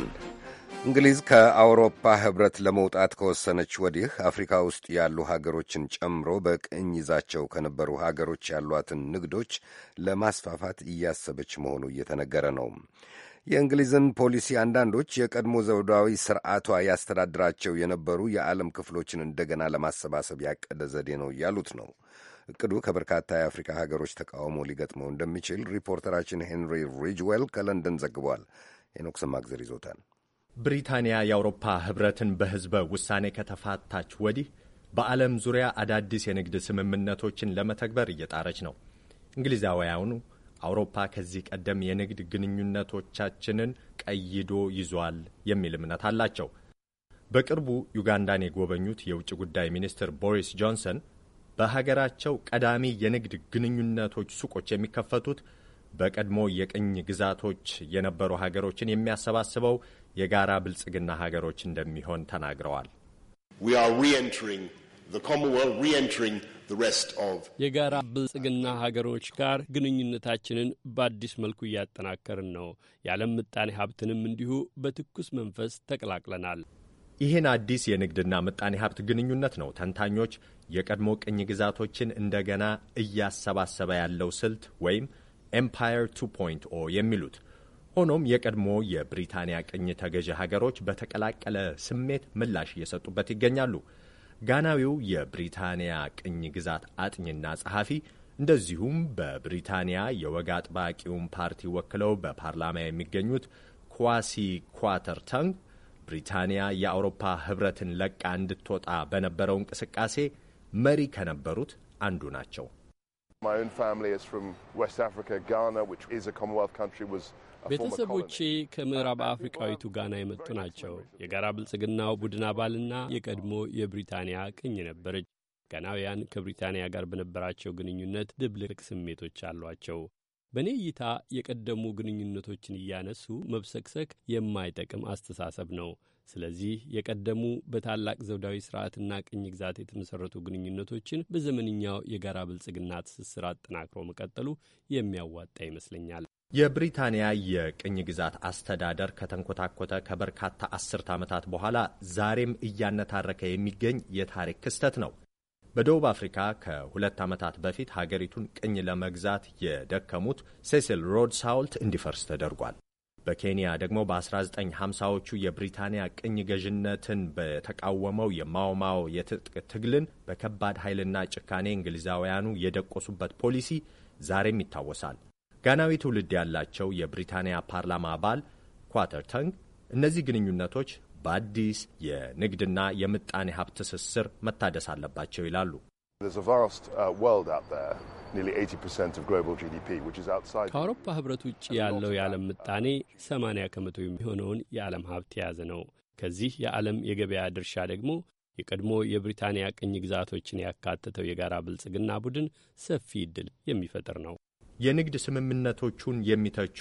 እንግሊዝ ከአውሮፓ ኅብረት ለመውጣት ከወሰነች ወዲህ አፍሪካ ውስጥ ያሉ ሀገሮችን ጨምሮ በቅኝ ይዛቸው ከነበሩ ሀገሮች ያሏትን ንግዶች ለማስፋፋት እያሰበች መሆኑ እየተነገረ ነው። የእንግሊዝን ፖሊሲ አንዳንዶች የቀድሞ ዘውዳዊ ስርዓቷ ያስተዳድራቸው የነበሩ የዓለም ክፍሎችን እንደገና ለማሰባሰብ ያቀደ ዘዴ ነው እያሉት ነው። እቅዱ ከበርካታ የአፍሪካ ሀገሮች ተቃውሞ ሊገጥመው እንደሚችል ሪፖርተራችን ሄንሪ ሪጅዌል ከለንደን ዘግቧል። ሄኖክ ማግዘር ይዞታል። ብሪታንያ የአውሮፓ ህብረትን በህዝበ ውሳኔ ከተፋታች ወዲህ በዓለም ዙሪያ አዳዲስ የንግድ ስምምነቶችን ለመተግበር እየጣረች ነው። እንግሊዛውያኑ አውሮፓ ከዚህ ቀደም የንግድ ግንኙነቶቻችንን ቀይዶ ይዟል የሚል እምነት አላቸው። በቅርቡ ዩጋንዳን የጎበኙት የውጭ ጉዳይ ሚኒስትር ቦሪስ ጆንሰን በሀገራቸው ቀዳሚ የንግድ ግንኙነቶች ሱቆች የሚከፈቱት በቀድሞ የቅኝ ግዛቶች የነበሩ ሀገሮችን የሚያሰባስበው የጋራ ብልጽግና ሀገሮች እንደሚሆን ተናግረዋል። የጋራ ብልጽግና ሀገሮች ጋር ግንኙነታችንን በአዲስ መልኩ እያጠናከርን ነው። የዓለም ምጣኔ ሀብትንም እንዲሁ በትኩስ መንፈስ ተቀላቅለናል። ይህን አዲስ የንግድና ምጣኔ ሀብት ግንኙነት ነው ተንታኞች የቀድሞ ቅኝ ግዛቶችን እንደገና እያሰባሰበ ያለው ስልት ወይም ኤምፓየር 2.0 የሚሉት። ሆኖም የቀድሞ የብሪታንያ ቅኝ ተገዢ ሀገሮች በተቀላቀለ ስሜት ምላሽ እየሰጡበት ይገኛሉ። ጋናዊው የብሪታንያ ቅኝ ግዛት አጥኝና ጸሐፊ እንደዚሁም በብሪታንያ የወግ አጥባቂውን ፓርቲ ወክለው በፓርላማ የሚገኙት ኳሲ ኳተርተንግ ብሪታንያ የአውሮፓ ሕብረትን ለቃ እንድትወጣ በነበረው እንቅስቃሴ መሪ ከነበሩት አንዱ ናቸው። ቤተሰቦቼ ከምዕራብ አፍሪካዊቱ ጋና የመጡ ናቸው። የጋራ ብልጽግናው ቡድን አባልና የቀድሞ የብሪታንያ ቅኝ ነበረች። ጋናውያን ከብሪታንያ ጋር በነበራቸው ግንኙነት ድብልቅ ስሜቶች አሏቸው። በእኔ እይታ የቀደሙ ግንኙነቶችን እያነሱ መብሰክሰክ የማይጠቅም አስተሳሰብ ነው። ስለዚህ የቀደሙ በታላቅ ዘውዳዊ ሥርዓትና ቅኝ ግዛት የተመሠረቱ ግንኙነቶችን በዘመንኛው የጋራ ብልጽግና ትስስር አጠናክሮ መቀጠሉ የሚያዋጣ ይመስለኛል። የብሪታንያ የቅኝ ግዛት አስተዳደር ከተንኮታኮተ ከበርካታ አስርት ዓመታት በኋላ ዛሬም እያነታረከ የሚገኝ የታሪክ ክስተት ነው። በደቡብ አፍሪካ ከሁለት ዓመታት በፊት ሀገሪቱን ቅኝ ለመግዛት የደከሙት ሴሲል ሮድስ ሐውልት እንዲፈርስ ተደርጓል። በኬንያ ደግሞ በ1950ዎቹ የብሪታንያ ቅኝ ገዥነትን በተቃወመው የማውማው የትጥቅ ትግልን በከባድ ኃይልና ጭካኔ እንግሊዛውያኑ የደቆሱበት ፖሊሲ ዛሬም ይታወሳል። ጋናዊ ትውልድ ያላቸው የብሪታንያ ፓርላማ አባል ኳተርተንግ እነዚህ ግንኙነቶች በአዲስ የንግድና የምጣኔ ሀብት ትስስር መታደስ አለባቸው ይላሉ። uh, ከአውሮፓ ህብረት ውጭ ያለው የዓለም ምጣኔ 80 ከመቶ የሚሆነውን የዓለም ሀብት የያዘ ነው። ከዚህ የዓለም የገበያ ድርሻ ደግሞ የቀድሞ የብሪታንያ ቅኝ ግዛቶችን ያካተተው የጋራ ብልጽግና ቡድን ሰፊ ዕድል የሚፈጥር ነው። የንግድ ስምምነቶቹን የሚተቹ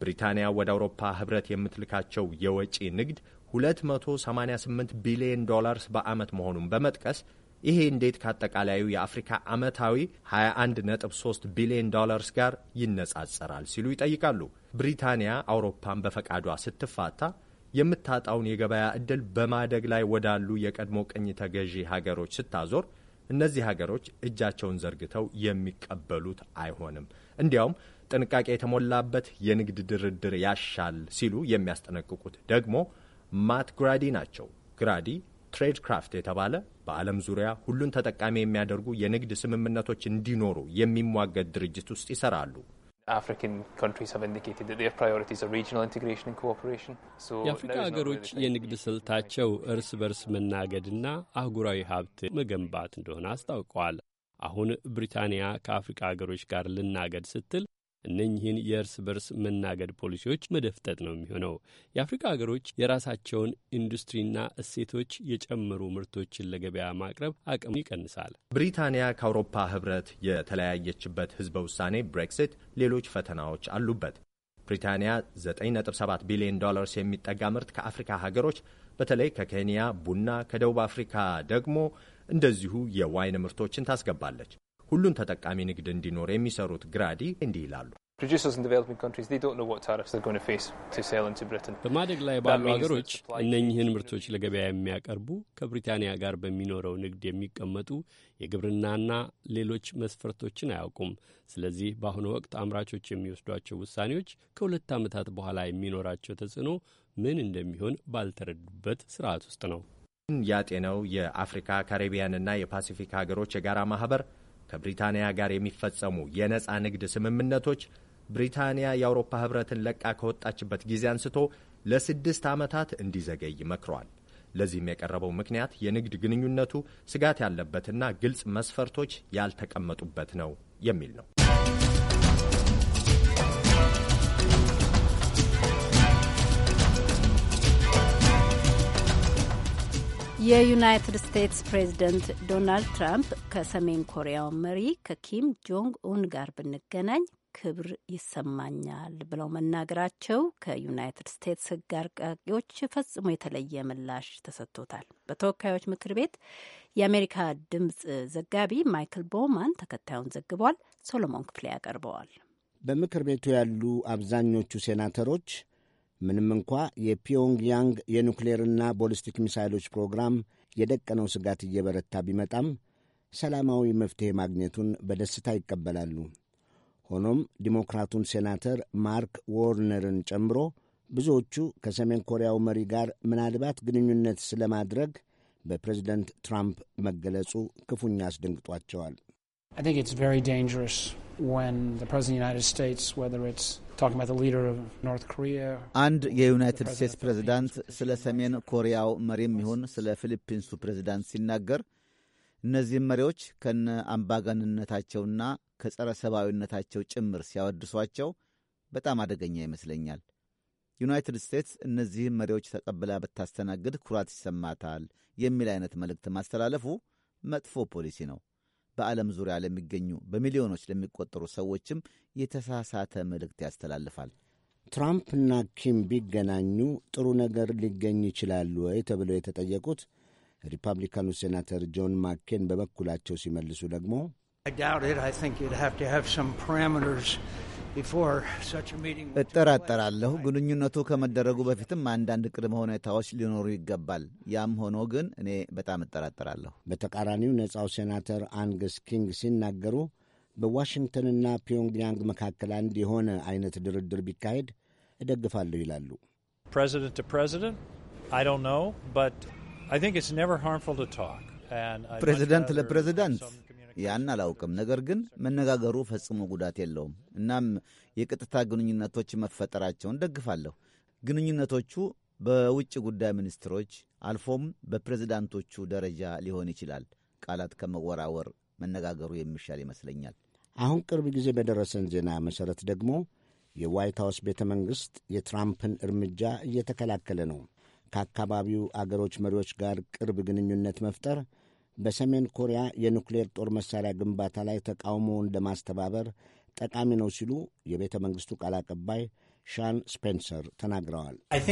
ብሪታንያ ወደ አውሮፓ ህብረት የምትልካቸው የወጪ ንግድ 288 ቢሊዮን ዶላርስ በዓመት መሆኑን በመጥቀስ ይሄ እንዴት ከአጠቃላዩ የአፍሪካ ዓመታዊ 21.3 ቢሊዮን ዶላርስ ጋር ይነጻጸራል ሲሉ ይጠይቃሉ። ብሪታንያ አውሮፓን በፈቃዷ ስትፋታ የምታጣውን የገበያ ዕድል በማደግ ላይ ወዳሉ የቀድሞ ቅኝ ተገዢ ሀገሮች ስታዞር እነዚህ ሀገሮች እጃቸውን ዘርግተው የሚቀበሉት አይሆንም። እንዲያውም ጥንቃቄ የተሞላበት የንግድ ድርድር ያሻል ሲሉ የሚያስጠነቅቁት ደግሞ ማት ግራዲ ናቸው። ግራዲ ትሬድ ክራፍት የተባለ በዓለም ዙሪያ ሁሉን ተጠቃሚ የሚያደርጉ የንግድ ስምምነቶች እንዲኖሩ የሚሟገድ ድርጅት ውስጥ ይሰራሉ። የአፍሪካ ሀገሮች የንግድ ስልታቸው እርስ በርስ መናገድና አህጉራዊ ሀብት መገንባት እንደሆነ አስታውቀዋል። አሁን ብሪታንያ ከአፍሪካ ሀገሮች ጋር ልናገድ ስትል እነኚህን የእርስ በርስ መናገድ ፖሊሲዎች መደፍጠጥ ነው የሚሆነው። የአፍሪካ ሀገሮች የራሳቸውን ኢንዱስትሪና እሴቶች የጨመሩ ምርቶችን ለገበያ ማቅረብ አቅሙ ይቀንሳል። ብሪታንያ ከአውሮፓ ሕብረት የተለያየችበት ህዝበ ውሳኔ ብሬክሲት ሌሎች ፈተናዎች አሉበት። ብሪታንያ 9.7 ቢሊዮን ዶላርስ የሚጠጋ ምርት ከአፍሪካ ሀገሮች በተለይ ከኬንያ ቡና፣ ከደቡብ አፍሪካ ደግሞ እንደዚሁ የዋይን ምርቶችን ታስገባለች። ሁሉን ተጠቃሚ ንግድ እንዲኖር የሚሰሩት ግራዲ እንዲህ ይላሉ። በማደግ ላይ ባሉ ሀገሮች እነኚህን ምርቶች ለገበያ የሚያቀርቡ ከብሪታንያ ጋር በሚኖረው ንግድ የሚቀመጡ የግብርናና ሌሎች መስፈርቶችን አያውቁም። ስለዚህ በአሁኑ ወቅት አምራቾች የሚወስዷቸው ውሳኔዎች ከሁለት ዓመታት በኋላ የሚኖራቸው ተጽዕኖ ምን እንደሚሆን ባልተረዱበት ስርዓት ውስጥ ነው። ያጤነው የአፍሪካ ካሪቢያንና የፓሲፊክ ሀገሮች የጋራ ማህበር ከብሪታንያ ጋር የሚፈጸሙ የነፃ ንግድ ስምምነቶች ብሪታንያ የአውሮፓ ህብረትን ለቃ ከወጣችበት ጊዜ አንስቶ ለስድስት ዓመታት እንዲዘገይ መክሯል። ለዚህም የቀረበው ምክንያት የንግድ ግንኙነቱ ስጋት ያለበትና ግልጽ መስፈርቶች ያልተቀመጡበት ነው የሚል ነው። የዩናይትድ ስቴትስ ፕሬዝደንት ዶናልድ ትራምፕ ከሰሜን ኮሪያው መሪ ከኪም ጆንግ ኡን ጋር ብንገናኝ ክብር ይሰማኛል ብለው መናገራቸው ከዩናይትድ ስቴትስ ሕግ አርቃቂዎች ፈጽሞ የተለየ ምላሽ ተሰጥቶታል። በተወካዮች ምክር ቤት የአሜሪካ ድምፅ ዘጋቢ ማይክል ቦማን ተከታዩን ዘግቧል። ሶሎሞን ክፍሌ ያቀርበዋል። በምክር ቤቱ ያሉ አብዛኞቹ ሴናተሮች ምንም እንኳ የፒዮንግያንግ የኑክሌርና ቦሊስቲክ ሚሳይሎች ፕሮግራም የደቀነው ስጋት እየበረታ ቢመጣም ሰላማዊ መፍትሔ ማግኘቱን በደስታ ይቀበላሉ። ሆኖም ዲሞክራቱን ሴናተር ማርክ ዎርነርን ጨምሮ ብዙዎቹ ከሰሜን ኮሪያው መሪ ጋር ምናልባት ግንኙነት ስለማድረግ በፕሬዝደንት ትራምፕ መገለጹ ክፉኛ አስደንግጧቸዋል። አንድ የዩናይትድ ስቴትስ ፕሬዝዳንት ስለ ሰሜን ኮሪያው መሪም ይሁን ስለ ፊሊፒንሱ ፕሬዝዳንት ሲናገር እነዚህም መሪዎች ከነ አምባገንነታቸውና ከጸረ ሰብአዊነታቸው ጭምር ሲያወድሷቸው በጣም አደገኛ ይመስለኛል። ዩናይትድ ስቴትስ እነዚህም መሪዎች ተቀብላ ብታስተናግድ ኩራት ይሰማታል የሚል አይነት መልእክት ማስተላለፉ መጥፎ ፖሊሲ ነው። በዓለም ዙሪያ ለሚገኙ በሚሊዮኖች ለሚቆጠሩ ሰዎችም የተሳሳተ መልእክት ያስተላልፋል። ትራምፕና ኪም ቢገናኙ ጥሩ ነገር ሊገኝ ይችላል ወይ ተብለው የተጠየቁት ሪፐብሊካኑ ሴናተር ጆን ማኬን በበኩላቸው ሲመልሱ ደግሞ እጠራጠራለሁ። ግንኙነቱ ከመደረጉ በፊትም አንዳንድ ቅድመ ሁኔታዎች ሊኖሩ ይገባል። ያም ሆኖ ግን እኔ በጣም እጠራጠራለሁ። በተቃራኒው ነጻው ሴናተር አንግስ ኪንግ ሲናገሩ በዋሽንግተንና ፒዮንግያንግ መካከል አንድ የሆነ አይነት ድርድር ቢካሄድ እደግፋለሁ ይላሉ። uh, ፕሬዚደንት ለፕሬዚደንት ያን አላውቅም። ነገር ግን መነጋገሩ ፈጽሞ ጉዳት የለውም። እናም የቀጥታ ግንኙነቶች መፈጠራቸውን ደግፋለሁ። ግንኙነቶቹ በውጭ ጉዳይ ሚኒስትሮች አልፎም በፕሬዝዳንቶቹ ደረጃ ሊሆን ይችላል። ቃላት ከመወራወር መነጋገሩ የሚሻል ይመስለኛል። አሁን ቅርብ ጊዜ በደረሰን ዜና መሠረት ደግሞ የዋይት ሀውስ ቤተ መንግሥት የትራምፕን እርምጃ እየተከላከለ ነው። ከአካባቢው አገሮች መሪዎች ጋር ቅርብ ግንኙነት መፍጠር በሰሜን ኮሪያ የኑክሌር ጦር መሳሪያ ግንባታ ላይ ተቃውሞውን ለማስተባበር ጠቃሚ ነው ሲሉ የቤተ መንግሥቱ ቃል አቀባይ ሻን ስፔንሰር ተናግረዋል። um,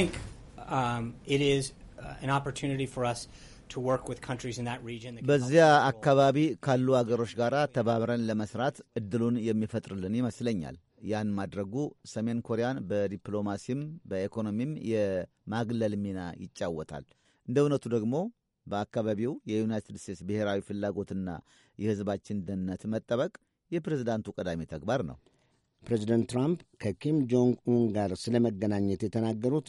uh, በዚያ አካባቢ ካሉ አገሮች ጋር ተባብረን ለመስራት እድሉን የሚፈጥርልን ይመስለኛል። ያን ማድረጉ ሰሜን ኮሪያን በዲፕሎማሲም በኢኮኖሚም የማግለል ሚና ይጫወታል። እንደ እውነቱ ደግሞ በአካባቢው የዩናይትድ ስቴትስ ብሔራዊ ፍላጎትና የሕዝባችን ደህንነት መጠበቅ የፕሬዝዳንቱ ቀዳሚ ተግባር ነው። ፕሬዝደንት ትራምፕ ከኪም ጆንግ ኡን ጋር ስለ መገናኘት የተናገሩት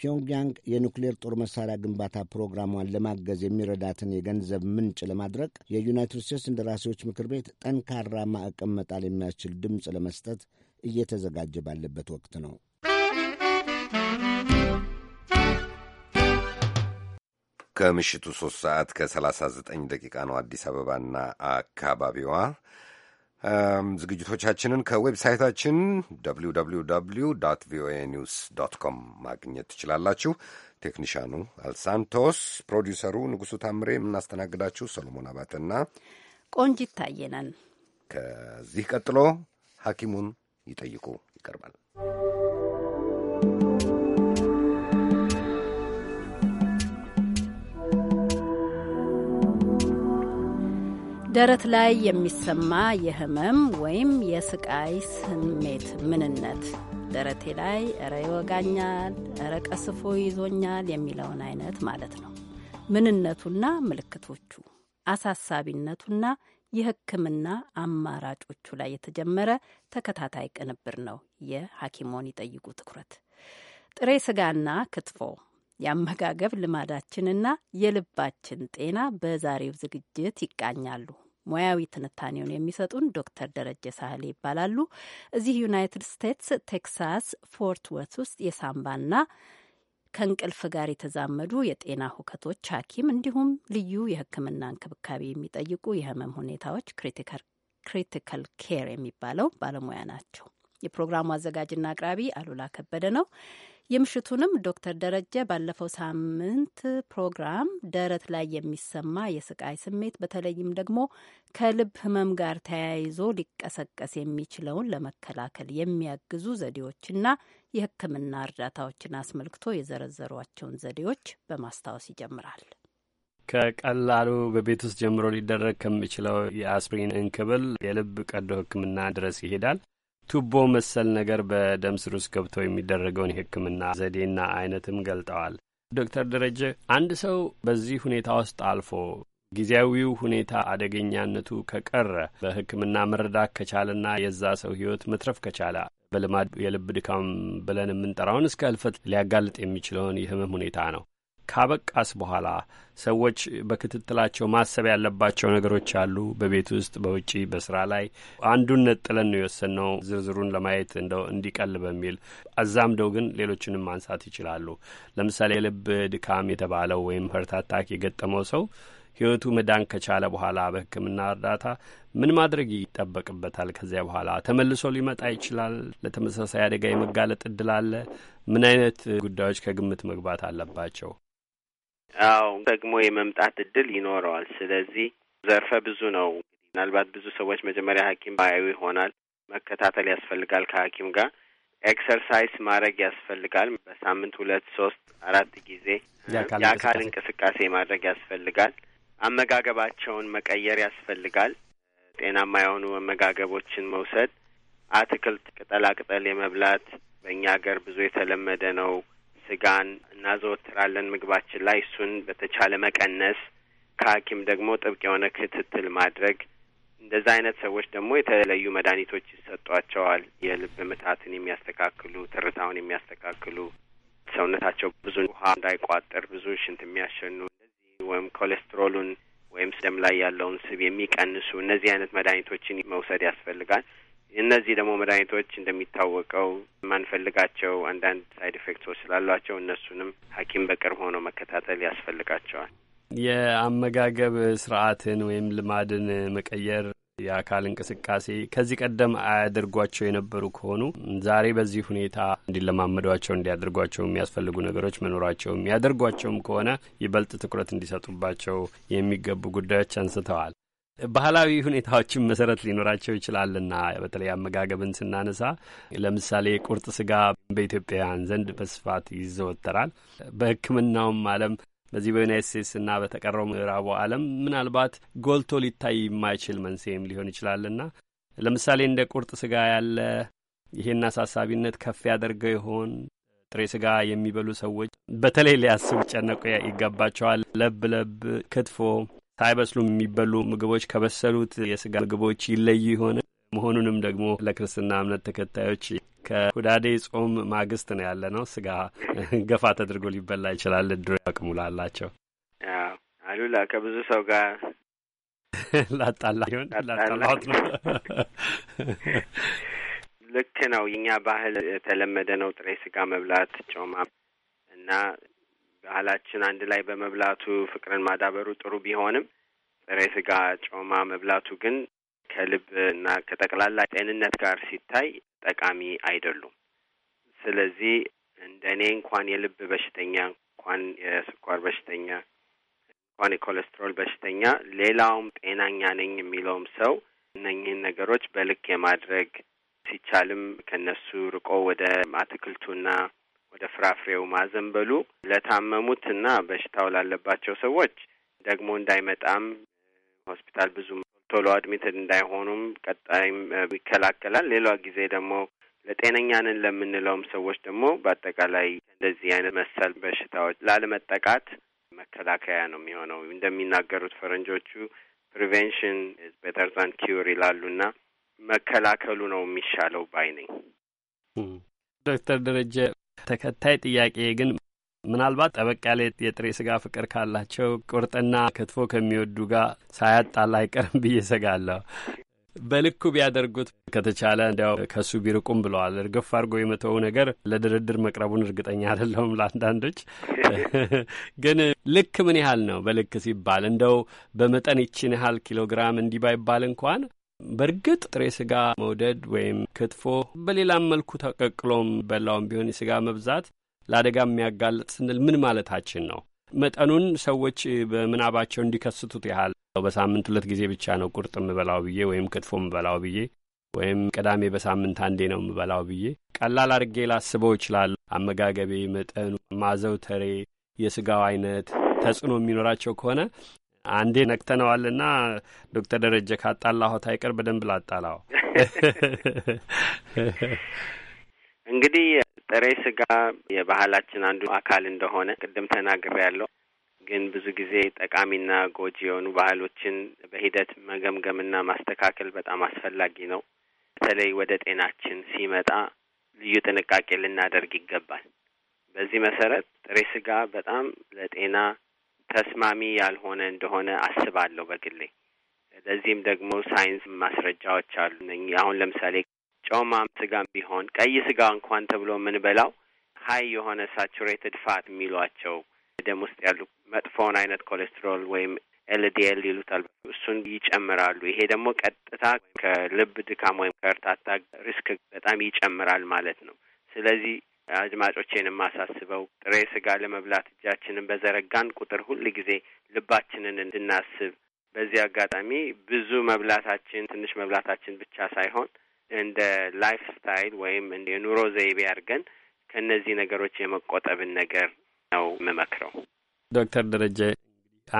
ፒዮንግያንግ የኑክሌር ጦር መሳሪያ ግንባታ ፕሮግራሟን ለማገዝ የሚረዳትን የገንዘብ ምንጭ ለማድረግ የዩናይትድ ስቴትስ እንደራሴዎች ምክር ቤት ጠንካራ ማዕቀብ መጣል የሚያስችል ድምፅ ለመስጠት እየተዘጋጀ ባለበት ወቅት ነው። ከምሽቱ 3 ሰዓት ከ39 ደቂቃ ነው አዲስ አበባና አካባቢዋ። ዝግጅቶቻችንን ከዌብሳይታችን www ቪኦኤ ኒውስ ዶት ኮም ማግኘት ትችላላችሁ። ቴክኒሻኑ አልሳንቶስ፣ ፕሮዲውሰሩ ንጉሡ ታምሬ፣ የምናስተናግዳችሁ ሰሎሞን አባተና ቆንጂት ታየ ከዚህ ቀጥሎ ሐኪሙን ይጠይቁ ይቀርባል። ደረት ላይ የሚሰማ የህመም ወይም የስቃይ ስሜት ምንነት ደረቴ ላይ እረ ይወጋኛል፣ እረ ቀስፎ ይዞኛል የሚለውን አይነት ማለት ነው። ምንነቱና ምልክቶቹ፣ አሳሳቢነቱና የሕክምና አማራጮቹ ላይ የተጀመረ ተከታታይ ቅንብር ነው። የሐኪሞን ይጠይቁ ትኩረት ጥሬ ስጋና ክትፎ የአመጋገብ ልማዳችንና የልባችን ጤና በዛሬው ዝግጅት ይቃኛሉ። ሙያዊ ትንታኔውን የሚሰጡን ዶክተር ደረጀ ሳህሌ ይባላሉ። እዚህ ዩናይትድ ስቴትስ ቴክሳስ ፎርት ወርት ውስጥ የሳምባና ከእንቅልፍ ጋር የተዛመዱ የጤና ሁከቶች ሐኪም እንዲሁም ልዩ የሕክምና እንክብካቤ የሚጠይቁ የህመም ሁኔታዎች ክሪቲካል ኬር የሚባለው ባለሙያ ናቸው። የፕሮግራሙ አዘጋጅና አቅራቢ አሉላ ከበደ ነው። የምሽቱንም ዶክተር ደረጀ ባለፈው ሳምንት ፕሮግራም ደረት ላይ የሚሰማ የስቃይ ስሜት በተለይም ደግሞ ከልብ ሕመም ጋር ተያይዞ ሊቀሰቀስ የሚችለውን ለመከላከል የሚያግዙ ዘዴዎችና የሕክምና እርዳታዎችን አስመልክቶ የዘረዘሯቸውን ዘዴዎች በማስታወስ ይጀምራል። ከቀላሉ በቤት ውስጥ ጀምሮ ሊደረግ ከሚችለው የአስፕሪን እንክብል የልብ ቀዶ ሕክምና ድረስ ይሄዳል። ቱቦ መሰል ነገር በደም ስር ውስጥ ገብቶ የሚደረገውን የሕክምና ዘዴና አይነትም ገልጠዋል። ዶክተር ደረጀ አንድ ሰው በዚህ ሁኔታ ውስጥ አልፎ ጊዜያዊው ሁኔታ አደገኛነቱ ከቀረ በሕክምና መረዳት ከቻለና የዛ ሰው ህይወት መትረፍ ከቻለ በልማድ የልብ ድካም ብለን የምንጠራውን እስከ ህልፈት ሊያጋልጥ የሚችለውን የህመም ሁኔታ ነው። ካበቃስ በኋላ ሰዎች በክትትላቸው ማሰብ ያለባቸው ነገሮች አሉ። በቤት ውስጥ፣ በውጪ፣ በስራ ላይ አንዱን ነጥለን ነው የወሰንነው ዝርዝሩን ለማየት እንደው እንዲቀል በሚል አዛምደው ግን ሌሎችንም ማንሳት ይችላሉ። ለምሳሌ የልብ ድካም የተባለው ወይም ሀርት አታክ የገጠመው ሰው ህይወቱ መዳን ከቻለ በኋላ በሕክምና እርዳታ ምን ማድረግ ይጠበቅበታል? ከዚያ በኋላ ተመልሶ ሊመጣ ይችላል። ለተመሳሳይ አደጋ የመጋለጥ እድል አለ። ምን አይነት ጉዳዮች ከግምት መግባት አለባቸው? አዎ ደግሞ የመምጣት እድል ይኖረዋል። ስለዚህ ዘርፈ ብዙ ነው። ምናልባት ብዙ ሰዎች መጀመሪያ ሐኪም ባያዩ ይሆናል። መከታተል ያስፈልጋል። ከሐኪም ጋር ኤክሰርሳይዝ ማድረግ ያስፈልጋል። በሳምንት ሁለት ሶስት አራት ጊዜ የአካል እንቅስቃሴ ማድረግ ያስፈልጋል። አመጋገባቸውን መቀየር ያስፈልጋል። ጤናማ የሆኑ አመጋገቦችን መውሰድ፣ አትክልት፣ ቅጠላቅጠል የመብላት በእኛ ሀገር ብዙ የተለመደ ነው። ስጋን እናዘወትራለን ምግባችን ላይ እሱን በተቻለ መቀነስ ከሐኪም ደግሞ ጥብቅ የሆነ ክትትል ማድረግ እንደዛ አይነት ሰዎች ደግሞ የተለዩ መድኃኒቶች ይሰጧቸዋል። የልብ ምታትን የሚያስተካክሉ፣ ትርታውን የሚያስተካክሉ፣ ሰውነታቸው ብዙ ውሃ እንዳይቋጠር ብዙ ሽንት የሚያሸኑ እንደዚህ ወይም ኮሌስትሮሉን ወይም ደም ላይ ያለውን ስብ የሚቀንሱ እነዚህ አይነት መድኃኒቶችን መውሰድ ያስፈልጋል። እነዚህ ደግሞ መድኃኒቶች እንደሚታወቀው የማንፈልጋቸው አንዳንድ ሳይድ ኢፌክቶች ስላሏቸው እነሱንም ሐኪም በቅርብ ሆኖ መከታተል ያስፈልጋቸዋል። የአመጋገብ ስርዓትን ወይም ልማድን መቀየር የአካል እንቅስቃሴ ከዚህ ቀደም አያደርጓቸው የነበሩ ከሆኑ ዛሬ በዚህ ሁኔታ እንዲለማመዷቸው እንዲያደርጓቸው የሚያስፈልጉ ነገሮች መኖራቸው የሚያደርጓቸውም ከሆነ ይበልጥ ትኩረት እንዲሰጡባቸው የሚገቡ ጉዳዮች አንስተዋል። ባህላዊ ሁኔታዎችን መሰረት ሊኖራቸው ይችላልና በተለይ አመጋገብን ስናነሳ ለምሳሌ ቁርጥ ስጋ በኢትዮጵያውያን ዘንድ በስፋት ይዘወተራል። በሕክምናውም ዓለም በዚህ በዩናይት ስቴትስና በተቀረው ምዕራቡ ዓለም ምናልባት ጎልቶ ሊታይ የማይችል መንስኤም ሊሆን ይችላልና ለምሳሌ እንደ ቁርጥ ስጋ ያለ ይሄን አሳሳቢነት ከፍ ያደርገው ይሆን? ጥሬ ስጋ የሚበሉ ሰዎች በተለይ ሊያስቡ ጨነቁ ይገባቸዋል። ለብ ለብ፣ ክትፎ ሳይበስሉም የሚበሉ ምግቦች ከበሰሉት የስጋ ምግቦች ይለዩ ይሆን? መሆኑንም ደግሞ ለክርስትና እምነት ተከታዮች ከሁዳዴ ጾም ማግስት ነው ያለ ነው። ስጋ [laughs] ገፋ ተደርጎ ሊበላ ይችላል። ድሮ አቅሙ ላላቸው አሉላ ከብዙ ሰው ጋር [laughs] ላጣላ ሆን ነው። [laughs] ልክ ነው። የእኛ ባህል የተለመደ ነው ጥሬ ስጋ መብላት ጮማ እና ባህላችን አንድ ላይ በመብላቱ ፍቅርን ማዳበሩ ጥሩ ቢሆንም ጥሬ ስጋ ጮማ መብላቱ ግን ከልብ እና ከጠቅላላ ጤንነት ጋር ሲታይ ጠቃሚ አይደሉም። ስለዚህ እንደ እኔ እንኳን የልብ በሽተኛ እንኳን የስኳር በሽተኛ እንኳን የኮሌስትሮል በሽተኛ ሌላውም ጤናኛ ነኝ የሚለውም ሰው እነኝህን ነገሮች በልክ የማድረግ ሲቻልም ከነሱ ርቆ ወደ አትክልቱና ወደ ፍራፍሬው ማዘንበሉ ለታመሙት እና በሽታው ላለባቸው ሰዎች ደግሞ እንዳይመጣም ሆስፒታል ብዙ ቶሎ አድሚትድ እንዳይሆኑም ቀጣይም ይከላከላል። ሌላ ጊዜ ደግሞ ለጤነኛንን ለምንለውም ሰዎች ደግሞ በአጠቃላይ እንደዚህ አይነት መሰል በሽታዎች ላለመጠቃት መከላከያ ነው የሚሆነው። እንደሚናገሩት ፈረንጆቹ ፕሪቬንሽን ኢዝ ቤተር ዛን ኪውር ይላሉና መከላከሉ ነው የሚሻለው ባይ ነኝ። ዶክተር ደረጀ ተከታይ ጥያቄ ግን ምናልባት ጠበቅ ያለ የጥሬ ስጋ ፍቅር ካላቸው ቁርጥና ክትፎ ከሚወዱ ጋር ሳያጣላ አይቀርም ብዬ ሰጋለሁ። በልኩ ቢያደርጉት ከተቻለ እንዲያው ከእሱ ቢርቁም ብለዋል። እርግፍ አድርጎ የመተው ነገር ለድርድር መቅረቡን እርግጠኛ አይደለሁም። ለአንዳንዶች [laughs] ግን ልክ ምን ያህል ነው? በልክ ሲባል እንደው በመጠን ይችን ያህል ኪሎግራም እንዲህ ባይባል እንኳን በእርግጥ ጥሬ ስጋ መውደድ ወይም ክትፎ በሌላም መልኩ ተቀቅሎም በላውም ቢሆን የስጋ መብዛት ለአደጋ የሚያጋልጥ ስንል ምን ማለታችን ነው? መጠኑን ሰዎች በምናባቸው እንዲከስቱት ያህል በሳምንት ሁለት ጊዜ ብቻ ነው ቁርጥ የምበላው ብዬ ወይም ክትፎ የምበላው ብዬ ወይም ቅዳሜ በሳምንት አንዴ ነው የምበላው ብዬ ቀላል አድርጌ ላስበው ይችላል። አመጋገቤ፣ መጠኑ፣ ማዘውተሬ፣ የስጋው አይነት ተጽዕኖ የሚኖራቸው ከሆነ አንዴ ነቅተነዋልና ዶክተር ደረጀ ካጣላሁት አይቀር በደንብ ላጣላው። እንግዲህ ጥሬ ስጋ የባህላችን አንዱ አካል እንደሆነ ቅድም ተናግሬ ያለው ግን ብዙ ጊዜ ጠቃሚና ጎጂ የሆኑ ባህሎችን በሂደት መገምገምና ማስተካከል በጣም አስፈላጊ ነው። በተለይ ወደ ጤናችን ሲመጣ ልዩ ጥንቃቄ ልናደርግ ይገባል። በዚህ መሰረት ጥሬ ስጋ በጣም ለጤና ተስማሚ ያልሆነ እንደሆነ አስባለሁ በግሌ። ለዚህም ደግሞ ሳይንስ ማስረጃዎች አሉ። አሁን ለምሳሌ ጮማ ስጋም ቢሆን ቀይ ስጋ እንኳን ተብሎ የምንበላው ሀይ የሆነ ሳቹሬትድ ፋት የሚሏቸው ደም ውስጥ ያሉ መጥፎውን አይነት ኮሌስትሮል ወይም ኤልዲኤል ይሉታል እሱን ይጨምራሉ። ይሄ ደግሞ ቀጥታ ከልብ ድካም ወይም ከእርታታ ሪስክ በጣም ይጨምራል ማለት ነው። ስለዚህ አድማጮቼን የማሳስበው ጥሬ ስጋ ለመብላት እጃችንን በዘረጋን ቁጥር ሁል ጊዜ ልባችንን እንድናስብ በዚህ አጋጣሚ ብዙ መብላታችን ትንሽ መብላታችን ብቻ ሳይሆን እንደ ላይፍ ስታይል ወይም የኑሮ ዘይቤ አድርገን ከእነዚህ ነገሮች የመቆጠብን ነገር ነው የምመክረው። ዶክተር ደረጀ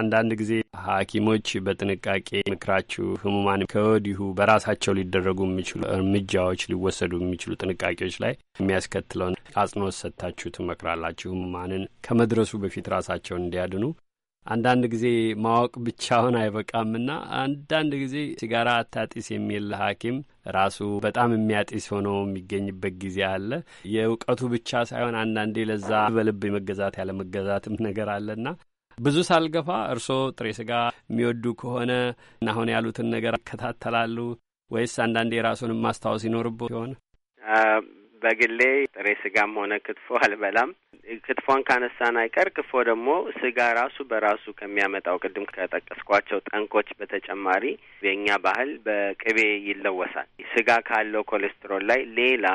አንዳንድ ጊዜ ሐኪሞች በጥንቃቄ ምክራችሁ ህሙማን ከወዲሁ በራሳቸው ሊደረጉ የሚችሉ እርምጃዎች ሊወሰዱ የሚችሉ ጥንቃቄዎች ላይ የሚያስከትለውን አጽንኦት ሰጥታችሁ ትመክራላችሁ ህሙማንን ከመድረሱ በፊት ራሳቸውን እንዲያድኑ። አንዳንድ ጊዜ ማወቅ ብቻውን አይበቃምና አንዳንድ ጊዜ ሲጋራ አታጢስ የሚል ሐኪም ራሱ በጣም የሚያጢስ ሆኖ የሚገኝበት ጊዜ አለ። የእውቀቱ ብቻ ሳይሆን አንዳንዴ ለዛ በልብ የመገዛት ያለመገዛትም ነገር አለና ብዙ ሳልገፋ እርስዎ ጥሬ ስጋ የሚወዱ ከሆነ እና አሁን ያሉትን ነገር ይከታተላሉ ወይስ አንዳንዴ የራሱንም ማስታወስ ይኖርብዎ ይሆን? በግሌ ጥሬ ስጋም ሆነ ክትፎ አልበላም። ክትፎን ካነሳን አይቀር ክትፎ ደግሞ ስጋ ራሱ በራሱ ከሚያመጣው ቅድም ከጠቀስኳቸው ጠንኮች በተጨማሪ የእኛ ባህል በቅቤ ይለወሳል። ስጋ ካለው ኮሌስትሮል ላይ ሌላ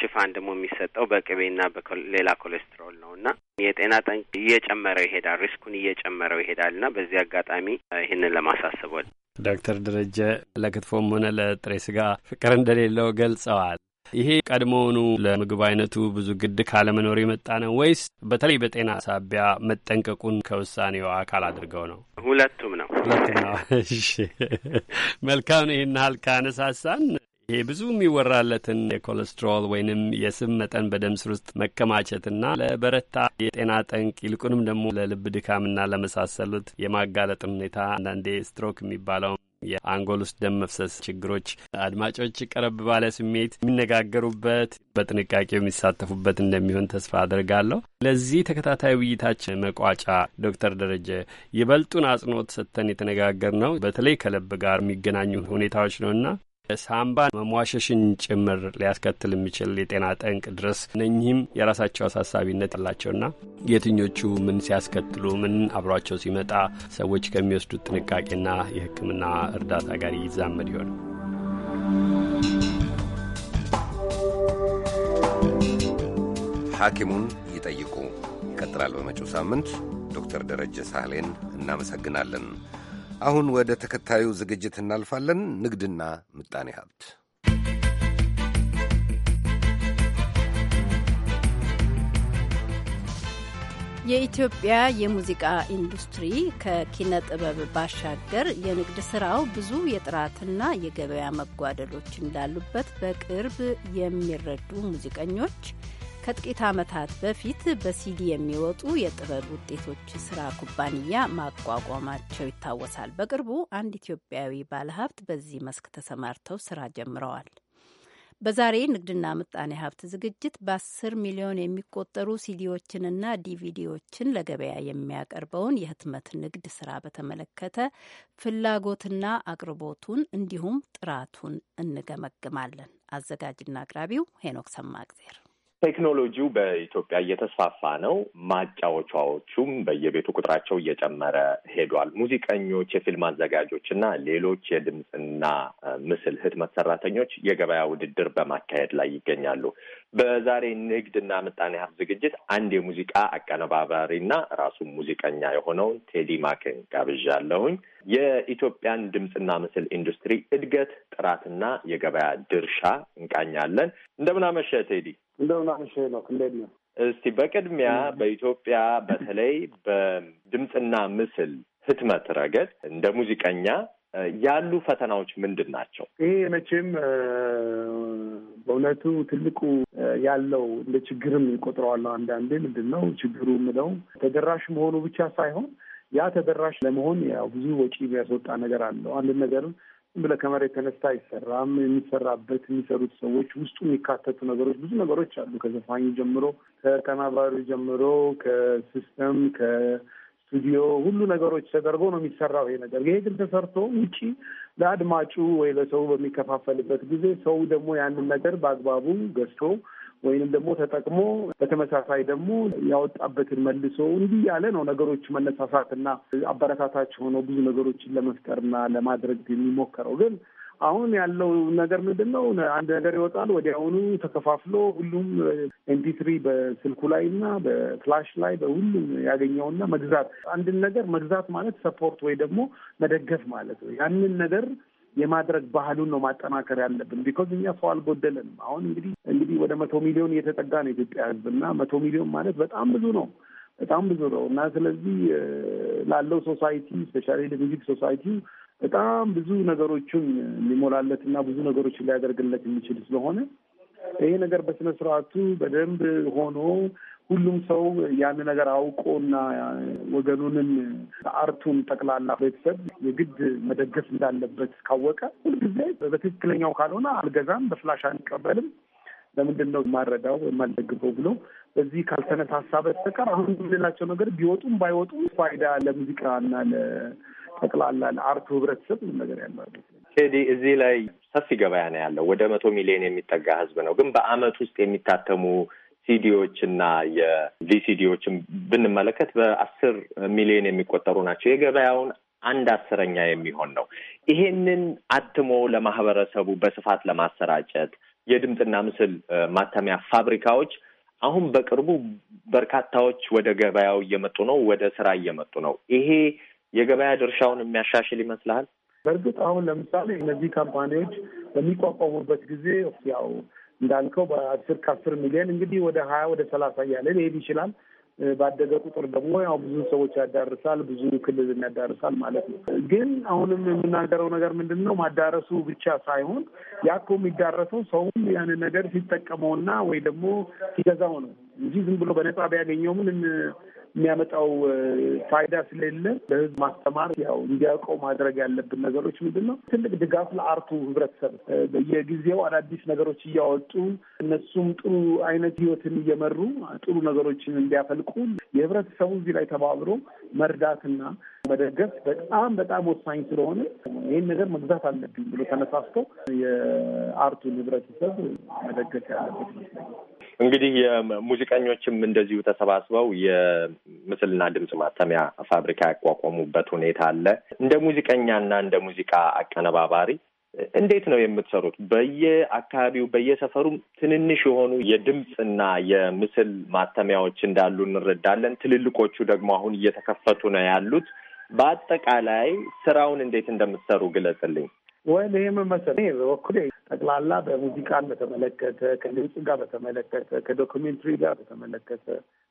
ሽፋን ደግሞ የሚሰጠው በቅቤና በሌላ ኮሌስትሮል ነው እና የጤና ጠንቅ እየጨመረው ይሄዳል፣ ሪስኩን እየጨመረው ይሄዳል እና በዚህ አጋጣሚ ይህንን ለማሳሰብ ዶክተር ደረጀ ለክትፎም ሆነ ለጥሬ ስጋ ፍቅር እንደሌለው ገልጸዋል። ይሄ ቀድሞውኑ ለምግብ አይነቱ ብዙ ግድ ካለመኖር የመጣ ነው ወይስ በተለይ በጤና ሳቢያ መጠንቀቁን ከውሳኔው አካል አድርገው ነው? ሁለቱም ነው። ሁለቱም ነው። እሺ፣ መልካም ነው። ይህን ያህል ካነሳሳን ይሄ ብዙ የሚወራለትን የኮለስትሮል ወይንም የስብ መጠን በደም ስር ውስጥ መከማቸትና ለበረታ የጤና ጠንቅ ይልቁንም ደግሞ ለልብ ድካምና ለመሳሰሉት የማጋለጥን ሁኔታ አንዳንዴ ስትሮክ የሚባለው የአንጎል ውስጥ ደም መፍሰስ ችግሮች አድማጮች ቀረብ ባለ ስሜት የሚነጋገሩበት በጥንቃቄ የሚሳተፉበት እንደሚሆን ተስፋ አድርጋለሁ። ለዚህ ተከታታይ ውይይታችን መቋጫ ዶክተር ደረጀ ይበልጡን አጽንኦት ሰጥተን የተነጋገር ነው በተለይ ከልብ ጋር የሚገናኙ ሁኔታዎች ነውና ሳምባ መሟሸሽን ጭምር ሊያስከትል የሚችል የጤና ጠንቅ ድረስ እነኚህም የራሳቸው አሳሳቢነት አላቸውና የትኞቹ ምን ሲያስከትሉ ምን አብሯቸው ሲመጣ ሰዎች ከሚወስዱት ጥንቃቄና የሕክምና እርዳታ ጋር ይዛመድ ይሆን? ሐኪሙን ይጠይቁ ይቀጥላል። በመጪው ሳምንት ዶክተር ደረጀ ሳህሌን እናመሰግናለን። አሁን ወደ ተከታዩ ዝግጅት እናልፋለን። ንግድና ምጣኔ ሀብት የኢትዮጵያ የሙዚቃ ኢንዱስትሪ ከኪነ ጥበብ ባሻገር የንግድ ስራው ብዙ የጥራትና የገበያ መጓደሎች እንዳሉበት በቅርብ የሚረዱ ሙዚቀኞች ከጥቂት ዓመታት በፊት በሲዲ የሚወጡ የጥበብ ውጤቶች ስራ ኩባንያ ማቋቋማቸው ይታወሳል። በቅርቡ አንድ ኢትዮጵያዊ ባለሀብት በዚህ መስክ ተሰማርተው ስራ ጀምረዋል። በዛሬ ንግድና ምጣኔ ሀብት ዝግጅት በ ሚሊዮን የሚቆጠሩ ሲዲዎችንና ዲቪዲዎችን ለገበያ የሚያቀርበውን የህትመት ንግድ ስራ በተመለከተ ፍላጎትና አቅርቦቱን እንዲሁም ጥራቱን እንገመግማለን። አዘጋጅና አቅራቢው ሄኖክ ሰማእግዜር ቴክኖሎጂው በኢትዮጵያ እየተስፋፋ ነው። ማጫወቻዎቹም በየቤቱ ቁጥራቸው እየጨመረ ሄዷል። ሙዚቀኞች፣ የፊልም አዘጋጆች እና ሌሎች የድምፅና ምስል ህትመት ሰራተኞች የገበያ ውድድር በማካሄድ ላይ ይገኛሉ። በዛሬ ንግድና ምጣኔ ሀብት ዝግጅት አንድ የሙዚቃ አቀነባባሪና ራሱ ሙዚቀኛ የሆነውን ቴዲ ማክን አለሁኝ። የኢትዮጵያን ድምፅና ምስል ኢንዱስትሪ እድገት ጥራትና የገበያ ድርሻ እንቃኛለን። እንደምናመሸ ቴዲ። እንደምናመሸ ነው። እንዴት ነው? እስቲ በቅድሚያ በኢትዮጵያ በተለይ በድምፅና ምስል ህትመት ረገድ እንደ ሙዚቀኛ ያሉ ፈተናዎች ምንድን ናቸው? ይሄ መቼም በእውነቱ ትልቁ ያለው እንደ ችግርም ይቆጥረዋል። አንዳንዴ ምንድን ነው ችግሩ የምለው ተደራሽ መሆኑ ብቻ ሳይሆን ያ ተደራሽ ለመሆን ያው ብዙ ወጪ የሚያስወጣ ነገር አለው። አንድ ነገር ብለህ ከመሬት ተነስታ አይሰራም። የሚሰራበት የሚሰሩት ሰዎች ውስጡ የሚካተቱ ነገሮች ብዙ ነገሮች አሉ። ከዘፋኝ ጀምሮ፣ ከተናባሪው ጀምሮ፣ ከሲስተም ስቱዲዮ ሁሉ ነገሮች ተደርጎ ነው የሚሰራው ይሄ ነገር። ይሄ ግን ተሰርቶ ውጪ ለአድማጩ ወይ ለሰው በሚከፋፈልበት ጊዜ ሰው ደግሞ ያንን ነገር በአግባቡ ገዝቶ ወይንም ደግሞ ተጠቅሞ በተመሳሳይ ደግሞ ያወጣበትን መልሶ እንዲህ ያለ ነው ነገሮች መነሳሳትና አበረታታች ሆኖ ብዙ ነገሮችን ለመፍጠርና ለማድረግ የሚሞከረው ግን አሁን ያለው ነገር ምንድን ነው? አንድ ነገር ይወጣል፣ ወዲያውኑ ተከፋፍሎ ሁሉም ኤምፒትሪ በስልኩ ላይ እና በፍላሽ ላይ በሁሉም ያገኘውና መግዛት አንድን ነገር መግዛት ማለት ሰፖርት ወይ ደግሞ መደገፍ ማለት ነው። ያንን ነገር የማድረግ ባህሉን ነው ማጠናከር ያለብን። ቢኮዝ እኛ ሰው አልጎደለንም። አሁን እንግዲህ እንግዲህ ወደ መቶ ሚሊዮን እየተጠጋ ነው ኢትዮጵያ ሕዝብ እና መቶ ሚሊዮን ማለት በጣም ብዙ ነው በጣም ብዙ ነው እና ስለዚህ ላለው ሶሳይቲ ስፔሻሊ ለሚዚክ ሶሳይቲ በጣም ብዙ ነገሮችን ሊሞላለት እና ብዙ ነገሮችን ሊያደርግለት የሚችል ስለሆነ ይሄ ነገር በስነ ስርዓቱ በደንብ ሆኖ ሁሉም ሰው ያን ነገር አውቆ እና ወገኑንም አርቱን ጠቅላላ ቤተሰብ የግድ መደገፍ እንዳለበት ካወቀ ሁልጊዜ በትክክለኛው ካልሆነ አልገዛም፣ በፍላሽ አንቀበልም፣ ለምንድን ነው የማረዳው የማልደግፈው ብሎ በዚህ ካልተነሳሳ በስተቀር አሁን የምንላቸው ነገር ቢወጡም ባይወጡም ፋይዳ ለሙዚቃ እና ጠቅላላ ለአርቱ ህብረተሰብ ነገር ያለ ቴዲ፣ እዚህ ላይ ሰፊ ገበያ ነው ያለው። ወደ መቶ ሚሊዮን የሚጠጋ ህዝብ ነው። ግን በአመት ውስጥ የሚታተሙ ሲዲዎች እና የቪሲዲዎችን ብንመለከት በአስር ሚሊዮን የሚቆጠሩ ናቸው። የገበያውን አንድ አስረኛ የሚሆን ነው። ይሄንን አትሞ ለማህበረሰቡ በስፋት ለማሰራጨት የድምፅና ምስል ማተሚያ ፋብሪካዎች አሁን በቅርቡ በርካታዎች ወደ ገበያው እየመጡ ነው፣ ወደ ስራ እየመጡ ነው። ይሄ የገበያ ድርሻውን የሚያሻሽል ይመስልሃል? በእርግጥ አሁን ለምሳሌ እነዚህ ካምፓኒዎች በሚቋቋሙበት ጊዜ ያው እንዳልከው በአስር ከአስር ሚሊዮን እንግዲህ ወደ ሀያ ወደ ሰላሳ እያለ ሊሄድ ይችላል። ባደገ ቁጥር ደግሞ ያው ብዙ ሰዎች ያዳርሳል፣ ብዙ ክልል ያዳርሳል ማለት ነው። ግን አሁንም የምናገረው ነገር ምንድን ነው ማዳረሱ ብቻ ሳይሆን ያኮ የሚዳረሰው ሰውም ያንን ነገር ሲጠቀመውና ወይ ደግሞ ሲገዛው ነው እንጂ ዝም ብሎ በነጻ ቢያገኘው ምንም የሚያመጣው ፋይዳ ስለሌለ ለህዝብ ማስተማር ያው እንዲያውቀው ማድረግ ያለብን ነገሮች ምንድን ነው? ትልቅ ድጋፍ ለአርቱ ህብረተሰብ በየጊዜው አዳዲስ ነገሮች እያወጡ እነሱም ጥሩ አይነት ህይወትን እየመሩ ጥሩ ነገሮችን እንዲያፈልቁ የህብረተሰቡ እዚህ ላይ ተባብሮ መርዳትና መደገፍ በጣም በጣም ወሳኝ ስለሆነ ይህን ነገር መግዛት አለብኝ ብሎ ተነሳስቶ የአርቱን ህብረተሰብ መደገፍ ያለበት ይመስለኛል። እንግዲህ የሙዚቀኞችም እንደዚሁ ተሰባስበው የምስልና ድምፅ ማተሚያ ፋብሪካ ያቋቋሙበት ሁኔታ አለ። እንደ ሙዚቀኛና እንደ ሙዚቃ አቀነባባሪ እንዴት ነው የምትሰሩት? በየአካባቢው በየሰፈሩ ትንንሽ የሆኑ የድምፅና የምስል ማተሚያዎች እንዳሉ እንረዳለን። ትልልቆቹ ደግሞ አሁን እየተከፈቱ ነው ያሉት። በአጠቃላይ ስራውን እንዴት እንደምትሰሩ ግለጽልኝ። ወይም ይህም ምን በበኩሌ ጠቅላላ በሙዚቃን በተመለከተ ከድምፅ ጋር በተመለከተ ከዶክሜንትሪ ጋር በተመለከተ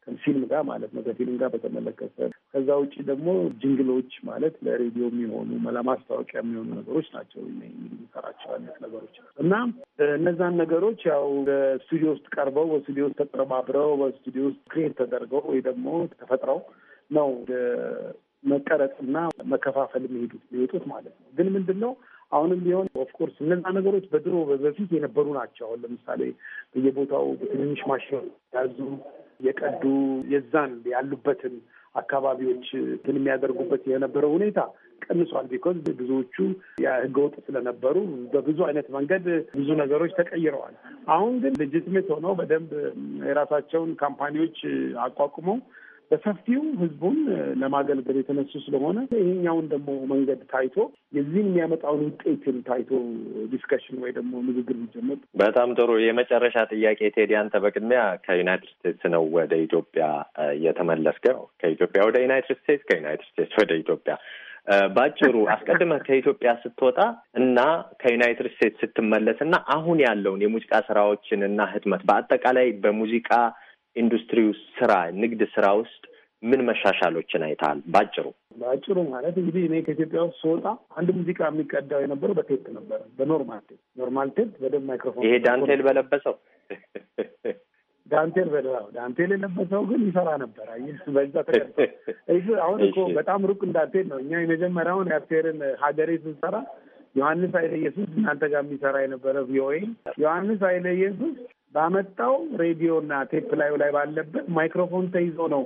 ከፊልም ጋር ማለት ነው ከፊልም ጋር በተመለከተ ከዛ ውጭ ደግሞ ጅንግሎች ማለት ለሬዲዮ የሚሆኑ ለማስታወቂያ የሚሆኑ ነገሮች ናቸው የሚሰራቸው አይነት ነገሮች እና እነዛን ነገሮች ያው በስቱዲዮ ውስጥ ቀርበው በስቱዲዮ ውስጥ ተቀረባብረው በስቱዲዮ ውስጥ ክሬት ተደርገው ወይ ደግሞ ተፈጥረው ነው እና መከፋፈል የሚሄዱት የሚወጡት ማለት ነው ግን ምንድን ነው አሁንም ቢሆን ኦፍኮርስ እነዛ ነገሮች በድሮ በፊት የነበሩ ናቸው። አሁን ለምሳሌ በየቦታው ትንንሽ ማሽን ያዙ የቀዱ የዛን ያሉበትን አካባቢዎች እንትን የሚያደርጉበት የነበረው ሁኔታ ቀንሷል። ቢኮዝ ብዙዎቹ ህገወጥ ስለነበሩ በብዙ አይነት መንገድ ብዙ ነገሮች ተቀይረዋል። አሁን ግን ልጅትሜት ሆነው በደንብ የራሳቸውን ካምፓኒዎች አቋቁመው በሰፊው ህዝቡን ለማገልገል የተነሱ ስለሆነ ይሄኛውን ደግሞ መንገድ ታይቶ የዚህን የሚያመጣውን ውጤትን ታይቶ ዲስከሽን ወይ ደግሞ ንግግር ሊጀመር። በጣም ጥሩ። የመጨረሻ ጥያቄ ቴዲ፣ አንተ በቅድሚያ ከዩናይትድ ስቴትስ ነው ወደ ኢትዮጵያ እየተመለስከው፣ ከኢትዮጵያ ወደ ዩናይትድ ስቴትስ፣ ከዩናይትድ ስቴትስ ወደ ኢትዮጵያ በአጭሩ አስቀድመህ ከኢትዮጵያ ስትወጣ እና ከዩናይትድ ስቴትስ ስትመለስ እና አሁን ያለውን የሙዚቃ ስራዎችን እና ህትመት በአጠቃላይ በሙዚቃ ኢንዱስትሪው ስራ ንግድ ስራ ውስጥ ምን መሻሻሎችን አይተሃል? ባጭሩ በአጭሩ ማለት እንግዲህ እኔ ከኢትዮጵያ ውስጥ ስወጣ አንድ ሙዚቃ የሚቀዳው የነበረው በቴፕ ነበረ። በኖርማል ቴፕ ኖርማል ቴፕ በደንብ ማይክሮፎን ይሄ ዳንቴል በለበሰው ዳንቴል በለው ዳንቴል የለበሰው ግን ይሰራ ነበር። በዛ ተቀ አሁን እኮ በጣም ሩቅ እንዳንቴል ነው። እኛ የመጀመሪያውን ያፍቴርን ሀገሬ ስንሰራ ዮሐንስ ኃይለ ኢየሱስ እናንተ ጋር የሚሰራ የነበረ ቪኦኤ ዮሐንስ ኃይለ ኢየሱስ ባመጣው ሬዲዮ እና ቴፕ ላዩ ላይ ባለበት ማይክሮፎን ተይዞ ነው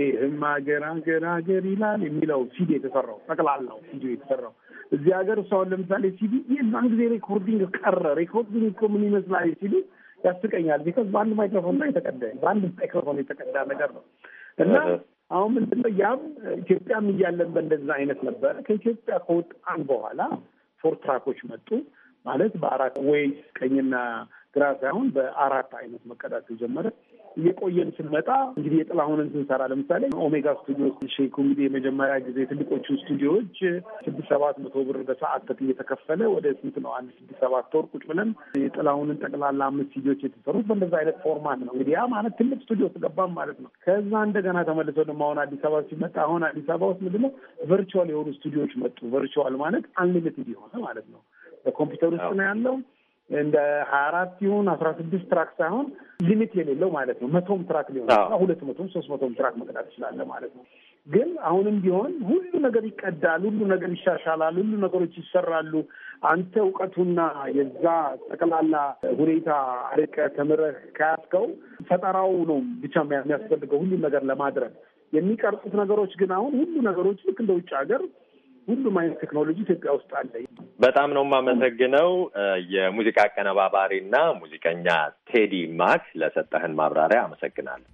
ይህም ሀገር ሀገር ሀገር ይላል የሚለው ሲዲ የተሰራው ጠቅላላው ሲዲ የተሰራው እዚህ ሀገር እሷሁን ለምሳሌ ሲዲ የዛን ጊዜ ሬኮርዲንግ ቀረ። ሬኮርዲንግ እኮ ምን ይመስላል ሲዲ ያስቀኛል። ቢካዝ በአንድ ማይክሮፎን ላይ የተቀዳ በአንድ ማይክሮፎን የተቀዳ ነገር ነው እና አሁን ምንድን ነው ያም ኢትዮጵያም እያለን በእንደዛ አይነት ነበረ። ከኢትዮጵያ ከወጣን በኋላ ፎር ትራኮች መጡ ማለት በአራት ወይ ቀኝና ግራ ሳይሆን በአራት አይነት መቀዳት ተጀመረ። እየቆየን ስንመጣ እንግዲህ የጥላሁንን ስንሰራ ለምሳሌ ኦሜጋ ስቱዲዮ ሼኩ እንግዲህ የመጀመሪያ ጊዜ ትልቆቹ ስቱዲዮዎች ስድስት ሰባት መቶ ብር በሰዓት እየተከፈለ ወደ ስንት ነው አንድ ስድስት ሰባት ወር ቁጭ ብለን የጥላሁንን ጠቅላላ አምስት ስቱዲዮች የተሰሩት በእንደዛ አይነት ፎርማት ነው። እንግዲህ ያ ማለት ትልቅ ስቱዲዮ ስገባም ማለት ነው። ከዛ እንደገና ተመልሶ ደግሞ አሁን አዲስ አበባ ሲመጣ አሁን አዲስ አበባ ውስጥ ነው ቨርቹዋል የሆኑ ስቱዲዮዎች መጡ። ቨርቹዋል ማለት አንሊሚትድ የሆነ ማለት ነው። በኮምፒውተር ውስጥ ነው ያለው። እንደ ሀያ አራት ይሁን አስራ ስድስት ትራክ ሳይሆን ሊሚት የሌለው ማለት ነው። መቶም ትራክ ሊሆን ሁለት መቶም ሶስት መቶም ትራክ መቅዳት ይችላለ ማለት ነው። ግን አሁንም ቢሆን ሁሉ ነገር ይቀዳል፣ ሁሉ ነገር ይሻሻላል፣ ሁሉ ነገሮች ይሰራሉ። አንተ እውቀቱና የዛ ጠቅላላ ሁኔታ አርቀህ ተምረህ ከያዝከው ፈጠራው ነው ብቻ የሚያስፈልገው ሁሉን ነገር ለማድረግ የሚቀርጹት ነገሮች ግን አሁን ሁሉ ነገሮች ልክ እንደ ውጭ ሀገር ሁሉም አይነት ቴክኖሎጂ ኢትዮጵያ ውስጥ አለ። በጣም ነው የማመሰግነው የሙዚቃ አቀነባባሪ እና ሙዚቀኛ ቴዲ ማክ ለሰጠህን ማብራሪያ አመሰግናለሁ።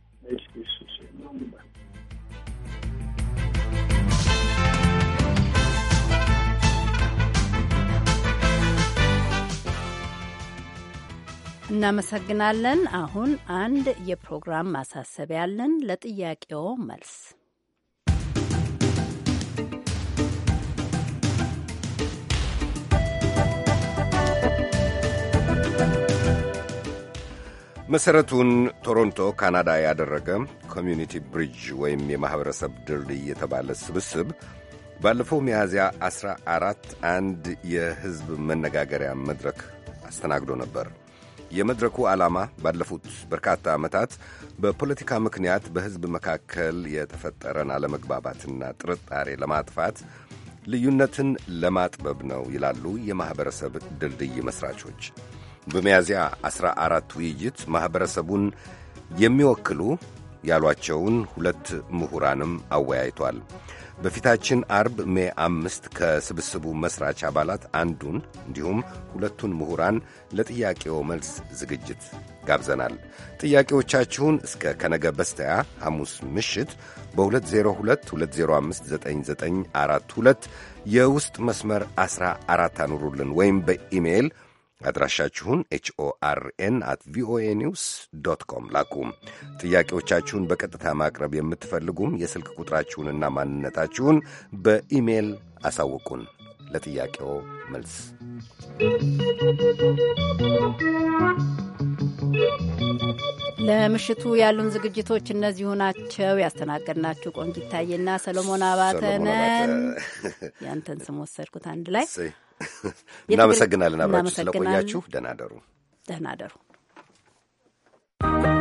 እናመሰግናለን። አሁን አንድ የፕሮግራም ማሳሰቢያ ለጥያቄው መልስ መሠረቱን ቶሮንቶ ካናዳ ያደረገ ኮሚዩኒቲ ብሪጅ ወይም የማኅበረሰብ ድልድይ የተባለ ስብስብ ባለፈው ሚያዝያ 14 አንድ የሕዝብ መነጋገሪያ መድረክ አስተናግዶ ነበር። የመድረኩ ዓላማ ባለፉት በርካታ ዓመታት በፖለቲካ ምክንያት በሕዝብ መካከል የተፈጠረን አለመግባባትና ጥርጣሬ ለማጥፋት ልዩነትን ለማጥበብ ነው ይላሉ የማኅበረሰብ ድልድይ መሥራቾች። በሚያዝያ 14 ውይይት ማኅበረሰቡን የሚወክሉ ያሏቸውን ሁለት ምሁራንም አወያይቷል። በፊታችን አርብ ሜ አምስት ከስብስቡ መሥራች አባላት አንዱን እንዲሁም ሁለቱን ምሁራን ለጥያቄው መልስ ዝግጅት ጋብዘናል። ጥያቄዎቻችሁን እስከ ከነገ በስተያ ሐሙስ ምሽት በ2022059942 የውስጥ መስመር 14 አኑሩልን ወይም በኢሜይል አድራሻችሁን ኤችኦአርኤን አት ቪኦኤ ኒውስ ዶት ኮም ላኩ። ጥያቄዎቻችሁን በቀጥታ ማቅረብ የምትፈልጉም የስልክ ቁጥራችሁንና ማንነታችሁን በኢሜል አሳውቁን። ለጥያቄው መልስ ለምሽቱ ያሉን ዝግጅቶች እነዚሁ ናቸው። ያስተናገድናችሁ ቆንጂት ታዬና ሰሎሞን አባተነን። ያንተን ስም ወሰድኩት አንድ ላይ [laughs] እናመሰግናለን። አብራችሁ ስለቆያችሁ ደህና ደሩ፣ ደህና ደሩ።